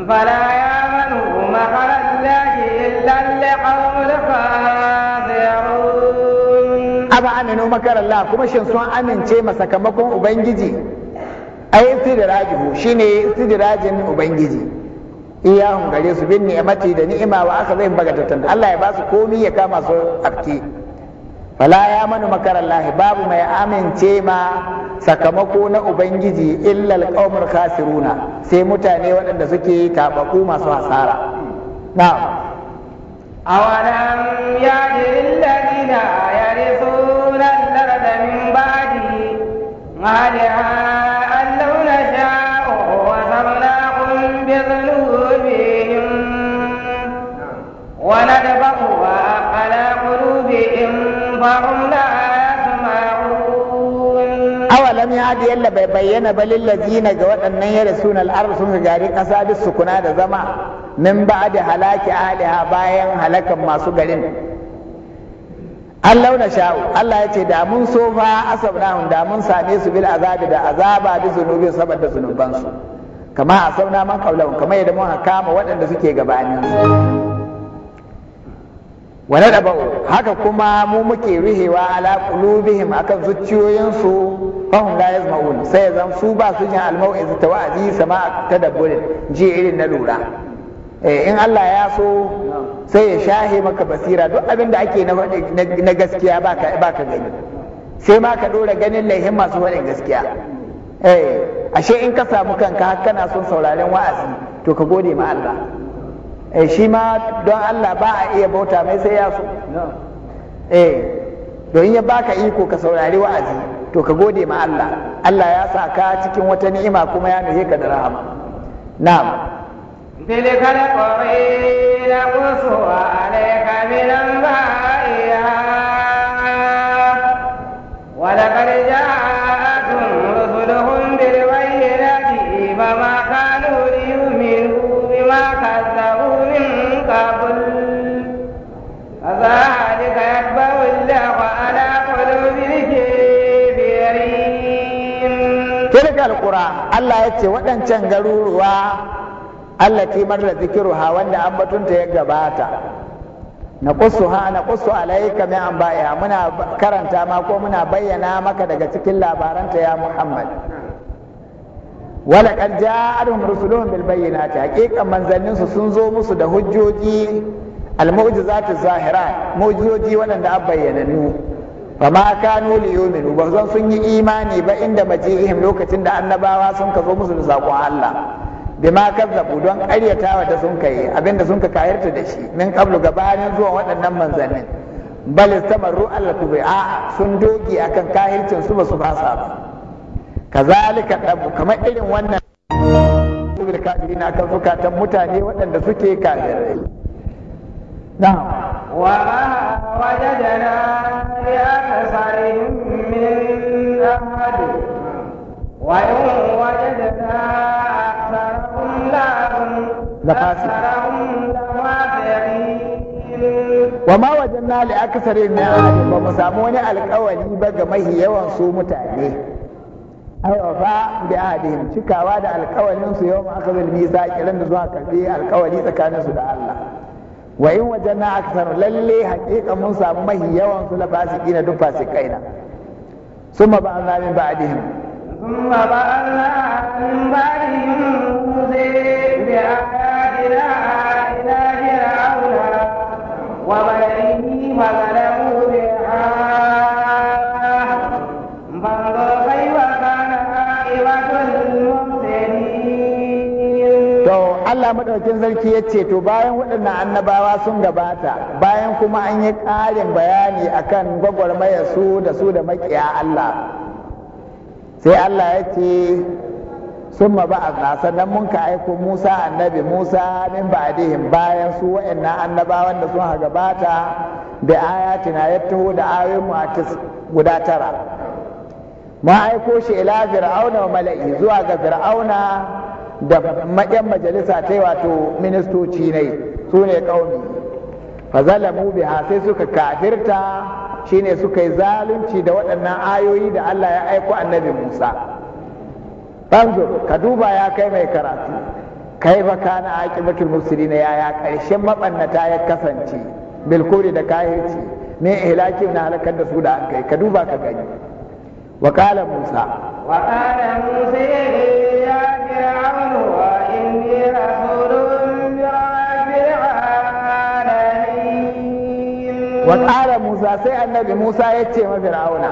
fala ya manu makaralla illa alqawlu fa aba aminu makarallah kuma shin sun amince ma sakamakon ubangiji ai istidrajihu shine istidrajin ubangiji iyahun gare su bin ni'amati da ni'ima wa aka zai bagatatan Allah ya ba su komi ya kama su afki fala ya manu makarallahi babu mai amince ma sakamako na ubangiji illal qaumul khasiruna sai mutane waɗanda suke tabaku masu hasara na'am awalam ya lil ladina مالعا أن لو نشاء وصرناهم بذنوبهم وندفع على قلوبهم فهم لا awalam ya hadi yalla bai bayyana ba lillazina ga waɗannan yada rasuna al'arab sun gari ƙasa duk sukuna da zama min ba'da halaki aliha bayan halakar masu garin an launa sha'u Allah ya ce da mun so fa asabnahum da mun same su bil azabi da azaba bi zunubin saboda zunuban su kama asabna man qablahum kama yadda mun kama waɗanda suke gabanin da ba'u haka kuma mu muke rihewa ala qulubihim akan zuciyoyin su hum la yazmaun sai zan su ba su jin al-mau'iz tawa'azi sama'a tadabburin ji irin na lura Eh, in Allah ya so sai ya shahe maka basira duk abin da ake na gaskiya ba ka gani sai ma ka ɗora ganin laihin masu faɗin gaskiya eh, ashe in ka samu kanka kana son sauraren wa'azi to ka gode ma Allah eh, shi ma don Allah ba a iya bauta mai sai ya so in ya baka iko ka saurari wa'azi to ka gode ma Allah Allah ya saka cikin wata ni'ima kuma ya nuhe ka da rahama na'am تلك القرين نقصها عليك من انبائها ولقد جاءتهم رسلهم بالبينات فما كانوا ليؤمنوا بما كذبوا من قبل كذلك يتبع الله على قلوب الكافرين تلك القرى الله يتي ودن تنقلوا allati marra zikruha wanda an batunta ya gabata na ha na kusu alaika min anba'iha muna karanta ma ko muna bayyana maka daga cikin labaranta ya Muhammad wala qad ja'ahum rusuluhum bil bayyinati haqiqan manzannin su sun zo musu da hujjoji al mu'jizati zahira mu'jizoji waɗanda an bayyana fa ma kanu li yu'minu ba zan sun yi imani ba inda majihim lokacin da annabawa sun ka zo musu da saƙon Allah bima kazzabu don ƙaryatawa da sun kai abinda sun ka kayarta da shi min qablu gabanin zuwa waɗannan manzannin bal istamaru al kubri a sun doge akan kahircin su ba su fasa ba kazalika dabu kamar irin wannan kubri kafirin akan zukatan mutane waɗanda suke kafirai na'am wa wajadana ya kasarin min ahadi wa in wajadana لهم لفاسقون wa ma wajen na la'akasari na ahadi ba mu samu wani alkawari ba ga mahi yawan su mutane aiwa ba da ahadihim cikawa da alkawarin su yau aka zulmi sa kiran da zuwa karbi alkawari tsakanin su da Allah wa in wajen na akasar lalle hakika mun samu mahi yawan su la fasiki na duk fasikai na summa ba'anna min ba'dihim summa ba'anna Allah madaukin sarki ya ce to bayan waɗannan annabawa sun gabata bayan kuma an yi ƙarin bayani akan gwagwarmaya su da su da maƙiya Allah sai Allah ya ce summa ba'athna sannan mun ka aiko Musa annabi Musa min ba'dihim bayan su waɗannan annabawan da sun ha gabata da ayatina ya taho da ayoyin mu guda tara ma aiko shi ila fir'auna wa mala'i zuwa ga fir'auna da maƙyan majalisa ta wato ministoci ne su ne ƙauni fa zalamu sai suka kafirta shine suka yi zalunci da waɗannan ayoyi da Allah ya aiko annabi Musa banzo ka duba ya kai mai karatu kai ba ka na kana aqibatul muslimin ya ya karshen mabannata ya kasance bilkuri da kahirci ne ihlaki na halakar da su da an kai ka duba ka gani wa qala musa wa qala musa ya ya fir'aun wa inni rasulun bi rabbil alamin wa qala musa sai annabi musa yace ma fir'auna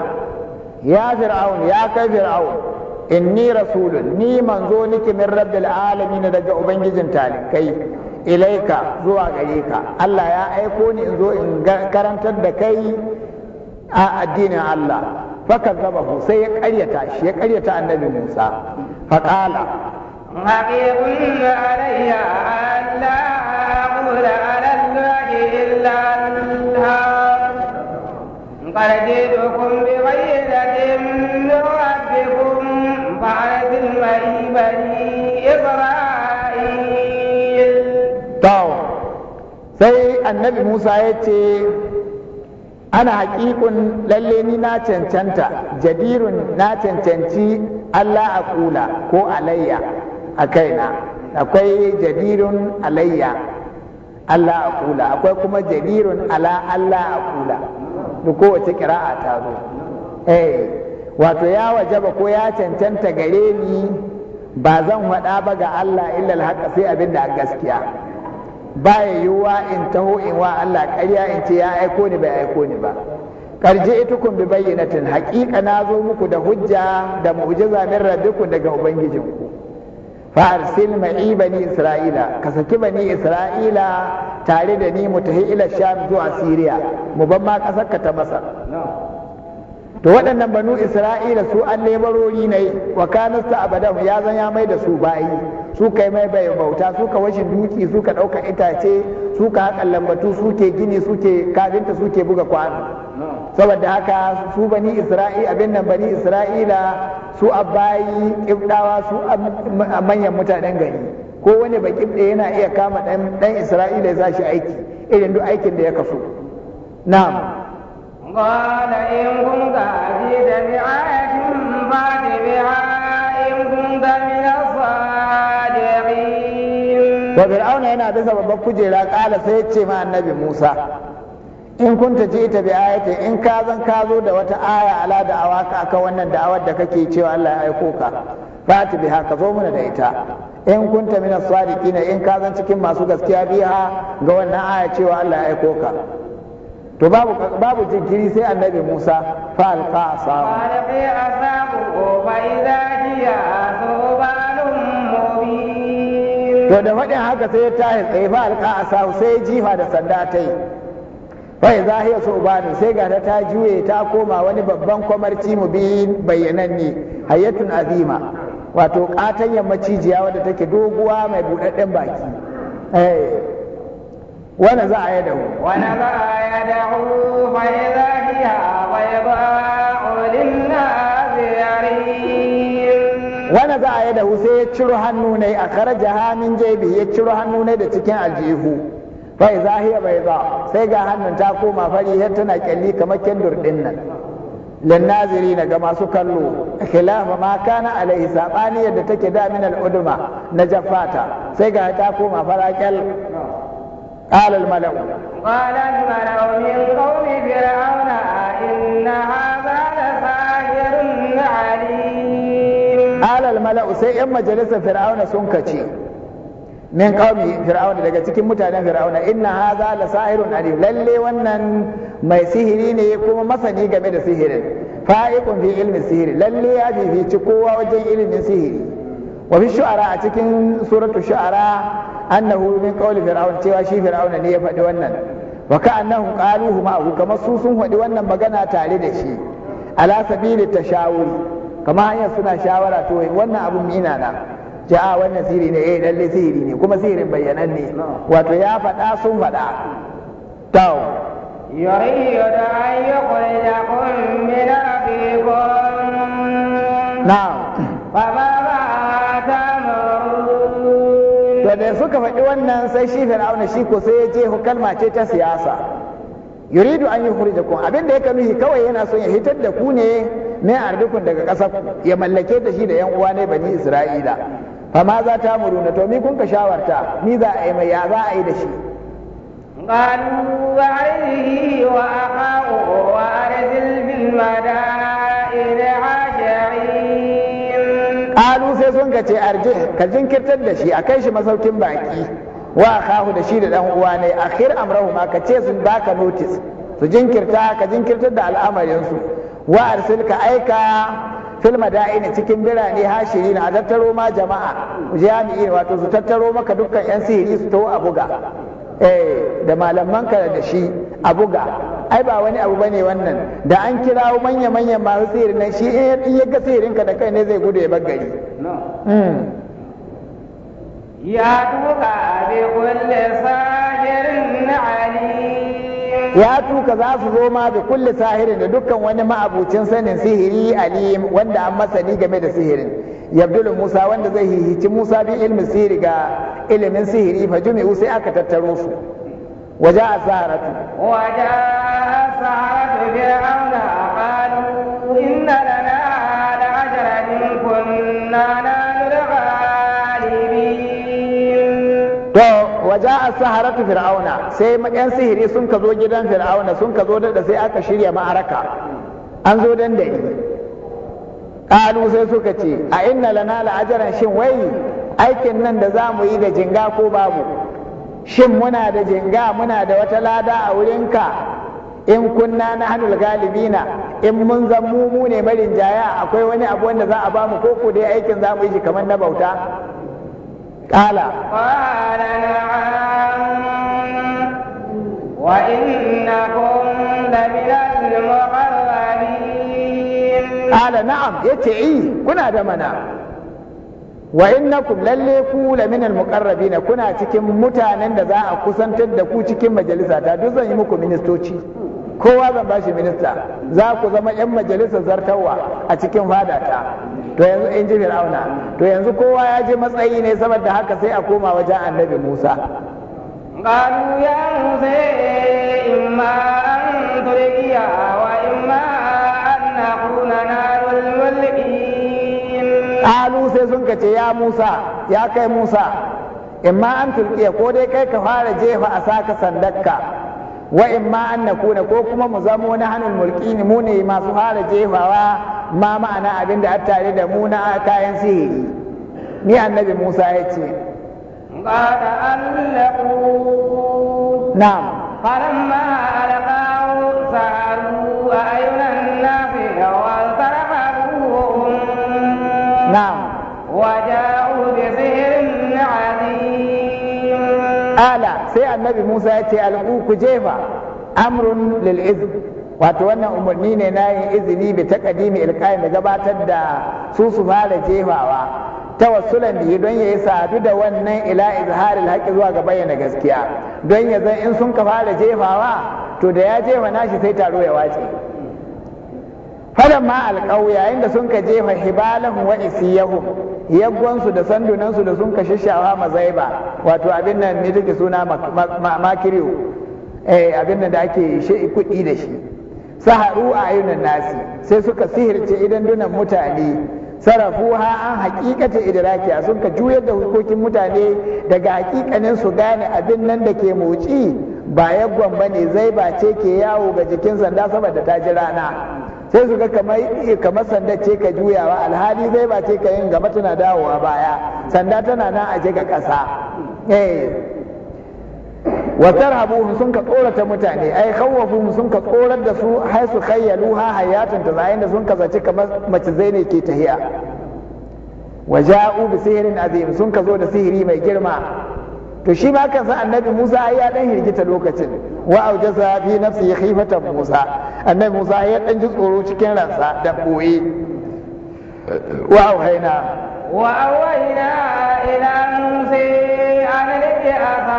ya fir'aun ya kai fir'aun inni rasulun ni manzo niki min rabbil alamin daga ubangijin talikai ilaika zuwa gare ka Allah ya aiko ni in zo in karantar da kai a addinin Allah faka zaba sai ya karyata shi ya karyata annabi Musa faqala haqiqun alayya alla aqula ala allahi illa anha qad jidukum bi ghayratin rabbikum فعلت المري بني إسرائيل طاو سي النبي موسى يتي ana haƙiƙun lalle ni na cancanta jadirun na cancanci Allah a kula ko alayya a kaina akwai jadirun alayya Allah a kula akwai kuma jadirun ala Allah a kula da kowace ƙira'a a taro. eh wato ya wajaba ko ya cancanta gare ni ba zan faɗa ba ga Allah illa haka sai abin da a gaskiya ba ya yiwuwa in taho in wa Allah ƙarya in ce ya aiko ni bai aiko ni ba karje itukun bi bayyana tun haƙiƙa na zo muku da hujja da mu'jiza min rabbikum daga ubangijinku fa arsil ma'i bani isra'ila ka saki bani isra'ila tare da ni mu tahi ila sham zuwa siriya mu ban ma ƙasar ka ta masar to waɗannan banu isra'ila su an lebarori ne wa kanasta abadan ya zan ya mai da su bayi su kai mai bai bauta su ka washe duki su ka ɗauka itace su ka haƙa lambatu su ke gini su ke kafinta su ke buga kwano saboda haka su bani isra'ila abin nan bani isra'ila su abayi ƙibɗawa su manyan mutanen gari ko wani baƙi ɗaya yana iya kama ɗan isra'ila ya sa shi aiki irin duk aikin da ya kaso na'am قال إن كنت أتيت فأت بها إن كنت من الصادقين وفرعون هنا babbar kujera kala sai ce ma annabi Musa in kun ji ita bi ayati in ka zan ka zo da wata aya ala da ka aka wannan da'awar da kake cewa Allah ya aiko ka ta biya ka zo mana da ita in kun ta as-sadiqina in ka zan cikin masu gaskiya biha ga wannan aya cewa Allah ya aiko ka to babu jinkiri sai annabi Musa fa alqa to da faɗin haka sai ya tahi tsaye fa a sai ya jifa da sanda ta yi za a hiya subalun sai ga ta juye ta koma wani babban kwamarci mu mubin bayyananne hayyatun azima wato katan jiya wadda take doguwa mai buɗaɗɗen baki eh. wana za a yi dawo wana za a yi dawo sai ya ciro hannu ne a kara jihamin jebe ya ciro hannu ne da cikin aljihu bai zafiya bai za sai ga hannun takoma koma fari har tana kyalli kamar kendur din nan linnaziri na ga masu kallo khilafa ma kana alai sabaniyar da take da min al'uduma na jaffata sai ga ta koma fara kyal قال الملأ قال الملأ من قوم فرعون إن هذا لساحر عليم قال الملأ سي إما جلس فرعون سنكتي min kawai fir'auna daga cikin mutanen fir'auna inna haza la sahirun alim lalle wannan mai sihiri ne kuma masani game da sihirin fa'iqun fi ilmi sihiri lalle ya fifici kowa wajen ilimin sihiri wa shu'ara a cikin suratu shu'ara annahu min qawli fir'aun cewa shi fir'auna ne ya faɗi wannan wa ka annahum qaluhu ma'ahu kamar su sun faɗi wannan magana tare da shi ala sabili tashawuri kama hanyar suna shawara to wannan abun ina na ce wannan sihiri ne eh lalle sihiri ne kuma sihirin bayyanan ne wato ya faɗa sun faɗa taw يريد أن يخرجكم من أبيكم نعم فما da suka faɗi wannan sai shi fir'auna shi ko sai ya je kalma ce ta siyasa yuridu an yukhrijakum abin da ya nuhi kawai yana son ya hitar da ku ne mai ardukun daga ƙasa ya mallake da shi da yan uwa ne bani isra'ila fa ma za ta muruna to mi kun ka shawarta ni za a yi mai ya za a yi da shi قالوا وأخاه وأرسل sai sun ka ce ka jinkirtar da shi a kai shi masaukin baki wa kahu da shi da dan uwa ne akhir amrahu ma ka ce sun baka notice su jinkirta ka jinkirtar da al'amarin su wa arsil ka aika fil madaini cikin birane hashiri a tattaro ma jama'a jami'i wato su tattaro maka dukkan yan sihiri su to a eh da malaman ka da shi a buga ai ba wani abu bane wannan da an kirawo manya manyan masu sihiri nan shi in ya ga sihirinka da kai ne zai gudu ya bar gari hmm. ya tuka bi kulli sahirin ya tuka za su zo ma bi kulli sahirin da dukkan wani ma'abucin sanin sihiri alim wanda an masani game da sihirin yabdul musa wanda zai hihici musa bi ilmin sihiri ga ilimin sihiri fa jumi'u sai aka tattaro su وجاء السهرة وجاء السهرة فرعون قالوا إن لنا لأجرا إن كنا نحن الغالبين to waja as-saharatu fir'auna sai yan sihiri sun ka zo gidan fir'auna sun ka zo da sai aka shirya ma'araka an zo dandali kalu sai suka ce a inna lana la'ajaran shin wai aikin nan da za mu yi da jinga ko babu shin muna da jinga muna da wata lada a wurinka in kunna na galibi na, in mun zan mu ne marin jaya akwai wani abu wanda za a ba mu koko dai aikin za mu yi shi kamar na bauta ƙala ƙala na'am yace yi eh, kuna da mana wa innakum lalle ku la al na kuna cikin mutanen da za a kusantar da ku cikin majalisa ta duk zan yi muku ministoci kowa zan bashi minista za ku zama yan majalisar zartawa a cikin fadata to yanzu in ji fir'auna to yanzu kowa ya je matsayi ne saboda haka sai a koma wajen annabi musa قالوا يا موسى إما أن تلقي وإما أن نكون نار qalu sai sun ce ya Musa ya kai Musa in ma an turkiya ko dai kai ka fara jefa a saka sandakka wa in ma an nakuna ko kuma mu zamo na hannun mulki ne mu ne masu fara jefawa ma ma'ana abin da tare da mu na kayan sihiri ni annabi Musa ya ce qala alqu na falamma alqahu sa'alu نعم وجاءوا بسحر عظيم ألا سي النبي موسى يتي ألقوك جيفا أمر للإذن wato wannan umarni ne na yin izini bi ta kadimi ilkayin da gabatar da su su fara jefawa tawassulan bihi don ya yi sadu da wannan ila izharin haƙi zuwa ga bayyana gaskiya don ya in sun ka fara jefawa to da ya jefa nashi sai taro ya wace ma alƙawu, yayin da sun ka jefa hibalahum wa yahu, yaggonsu da sandunansu da sun ka shishawa mazaiba wato abin nan ne suna eh, abin nan da ake shi kuɗi da shi saharu a ayyunan nasi sai suka sihirce idan dunan mutane sarafuha an hakikata idrakiya sun ka juyar da hukokin mutane daga hakikanin su gane abin nan da ke motsi ba yaggon ba zai ba ce ke yawo ga jikin sanda saboda ta ji rana sai su ga kamar sanda ce ka juyawa alhali zai ba ce ka yin gaba tana dawowa baya sanda tana nan aje ga ƙasa Wasar eh. wasar habu sun ka tsorata mutane ai khawwafu sun ka tsorar da su har su khayyalu ha hayatun ta zayin da sun kazaci kamar mace zai ne ke tahiya waja'u bi sihirin azim sun ka zo da sihiri mai girma to shi ma kansa annabi Musa ya dan hirgita lokacin wa aujaza fi nafsi khifata Musa annabi Musa ya dan ji tsoro cikin ransa da boye wa auhayna wa auhayna ila musa an rike asa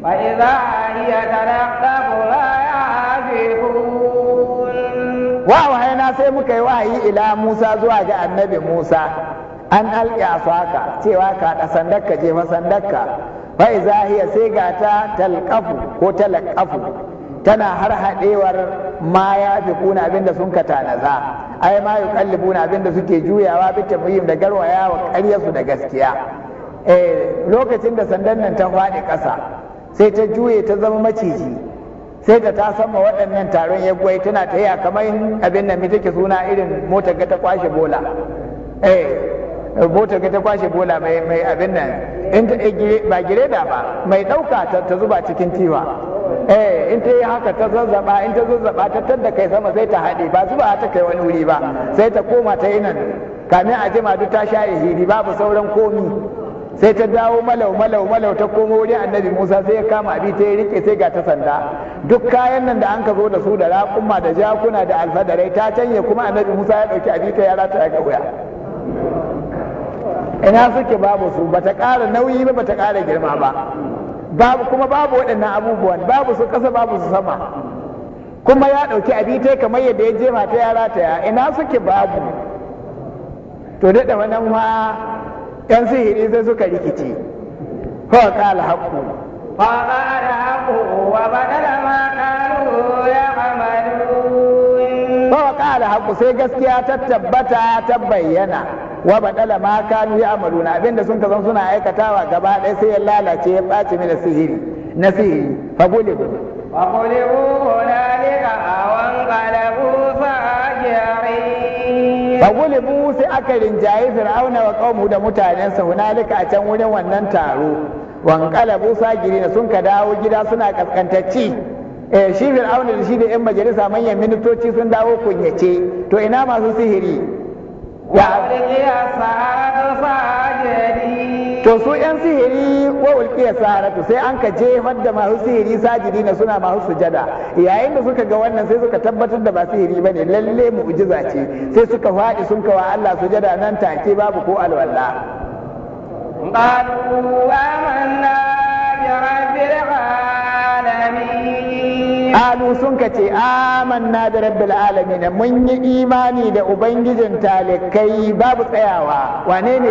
fa idha hiya taraqabu la ya'fihun wa auhayna sai muka yi wahayi ila Musa zuwa ga annabi Musa an alƙi cewa ka da sandarka je masandakka fa zahiya sai ga ta talqafu ko talqafu tana har hadewar ma ya fi kuna abinda sun ka tanaza ai ma abin abinda suke juyawa bi tabyim da garwaya wa su da gaskiya eh lokacin da sandan nan ta faɗi ƙasa sai ta juye ta zama maciji sai ta ta sama waɗannan taron yagwai tana ta yi kamar abin da mai take suna irin motar ga ta kwashe bola eh, motar ta kwashe bola mai mai abin nan in ta eh, ba gireda ba mai ɗauka ta, ta zuba cikin tiwa eh in ta yi haka ta zazzaba in ta zazzaba ta tadda kai sama sai ta hade ba zuba ta kai wani wuri ba sai ta koma ta yi nan kamin a jima duk ta sha ihiri babu sauran komi sai ta dawo malau malau malau ta komo wurin annabi musa sai ya kama abi ta yi rike sai ga ta sanda duk kayan nan da an ka zo da su da raƙuma da jakuna da alfadarai ta canye kuma annabi musa ya ɗauki abi ta ya rata ya ga wuya ina suke babu su bata ƙara nauyi ba bata ƙara girma ba babu kuma babu waɗannan abubuwan babu su ƙasa babu su sama kuma ya ɗauki abitai kamar yadda ya jefa ta yara ta ya ina suke babu to daɗa wannan ma yan sihiri sai suka rikici ko kala haƙƙu fa qala haqqu wa badala ma qalu ya amalu fa qala haqqu sai gaskiya ta tabbata ta bayyana wa badala ma kanu ya'maluna abinda sun ka suna aikatawa gaba ɗaya sai ya lalace ya ɓaci mina sihiri na sihiri fa gole ba fa gole hunalika awan qalabu ajari fa gole mu sai aka rinjayi fir'auna wa qaumu da mutanensa hunalika a can wurin wannan taro wan qalabu na sun ka dawo gida suna kaskantacci eh shi fir'auna da shi da yan majalisa manyan ministoci sun dawo kunyace to ina masu sihiri to su yan sihiri wa ulkiya saratu sai an ka jefar da masu sihiri sajidi na suna masu sujada yayin da suka ga wannan sai suka tabbatar da ba sihiri bane lalle mu'jiza ce sai suka faɗi sun kawa Allah sujada nan take babu ko alwala qalu amanna bi rabbil alu sun ka a amanna da rabbil alamin mun yi imani da ubangijin talikai babu tsayawa wane ne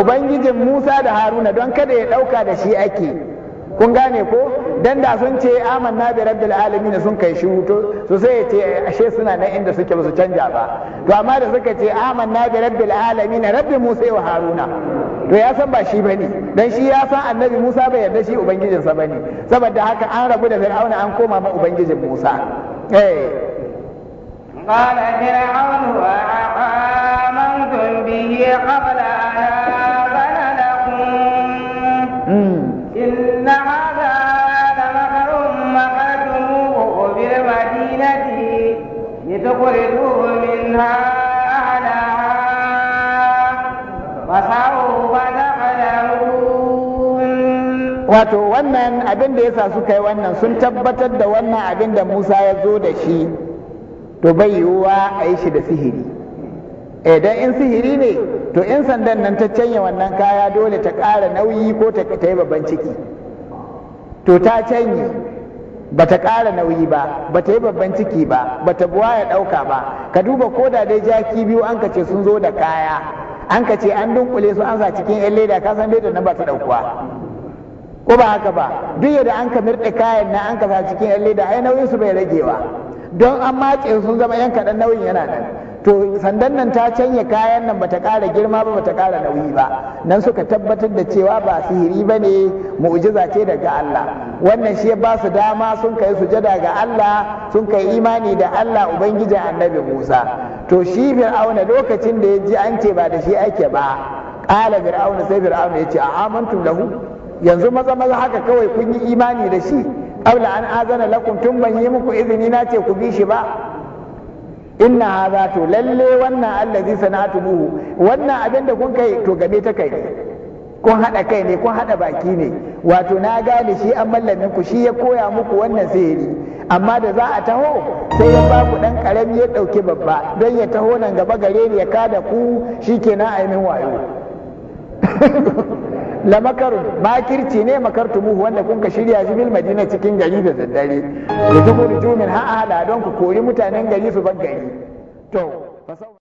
ubangijin Musa da Haruna don kada ya ɗauka da shi ake kun gane ko dan da sun ce amanna bi rabbil alamin sun kai shi hutu, so sai ya ce ashe suna nan inda suke ba su canja ba to amma da suka ce amanna bi rabbil alamin rabbi musa wa haruna to ya san ba shi bane dan shi ya san annabi musa bai yarda shi ubangijinsa bane saboda haka an rabu da fir'auna an koma ma ubangijin musa eh قال فرعون وآمنتم به قبل أن آذن لكم wato wannan abin da yasa suka yi wannan sun tabbatar da wannan abin da Musa ya zo da shi to bai yiwuwa a yi shi da sihiri idan eh, in sihiri ne to in sandan nan ta canya wannan kaya dole ta ƙara nauyi ko ta yi babban ciki to ta canye ba ta ƙara nauyi ba ba ta yi babban ciki ba ba ta buwa ya ɗauka ba ka duba ko da dai jaki biyu an ce sun zo da kaya an kace ce an dunkule su an sa cikin 'yan leda ka san leda na ba ta ɗaukuwa ko ba haka ba duk yadda an ka mirɗe kayan na an kasa cikin yan leda ai nauyin su bai rage ba don an matse sun zama yan kaɗan nauyin yana nan to sandan nan ta canya kayan nan bata ƙara girma ba bata ƙara nauyi ba nan suka tabbatar da cewa ba sihiri ba ne mu'jiza ce daga Allah wannan shi ba su dama sun kai sujada ga Allah sun kai imani da Allah ubangijin annabi Musa to shi fir'auna lokacin da ya ji an ce ba da shi ake ba qala fir'auna sai fir'auna ya ce a amantum lahu yanzu maza maza haka kawai kun yi imani da shi qabla an azana lakum tun ban yi muku izini na ce ku bi shi ba inna hadha to lalle wannan allazi sana'atumuhu wannan abin da kun kai to game ta kai kun hada kai ne kun hada baki ne wato na gane shi an mallamin ku shi ya koya muku wannan sihiri amma da za a taho sai ya baku dan karami ya dauki babba dan ya taho nan gaba gare ni ya kada ku shikenan a yi min wayo Lamakar makirci ne makartumuhu wanda kun ka shirya shi bil madina cikin gari da daddare da tukhruju min ha ahada don ku kori mutanen gari su bar gari to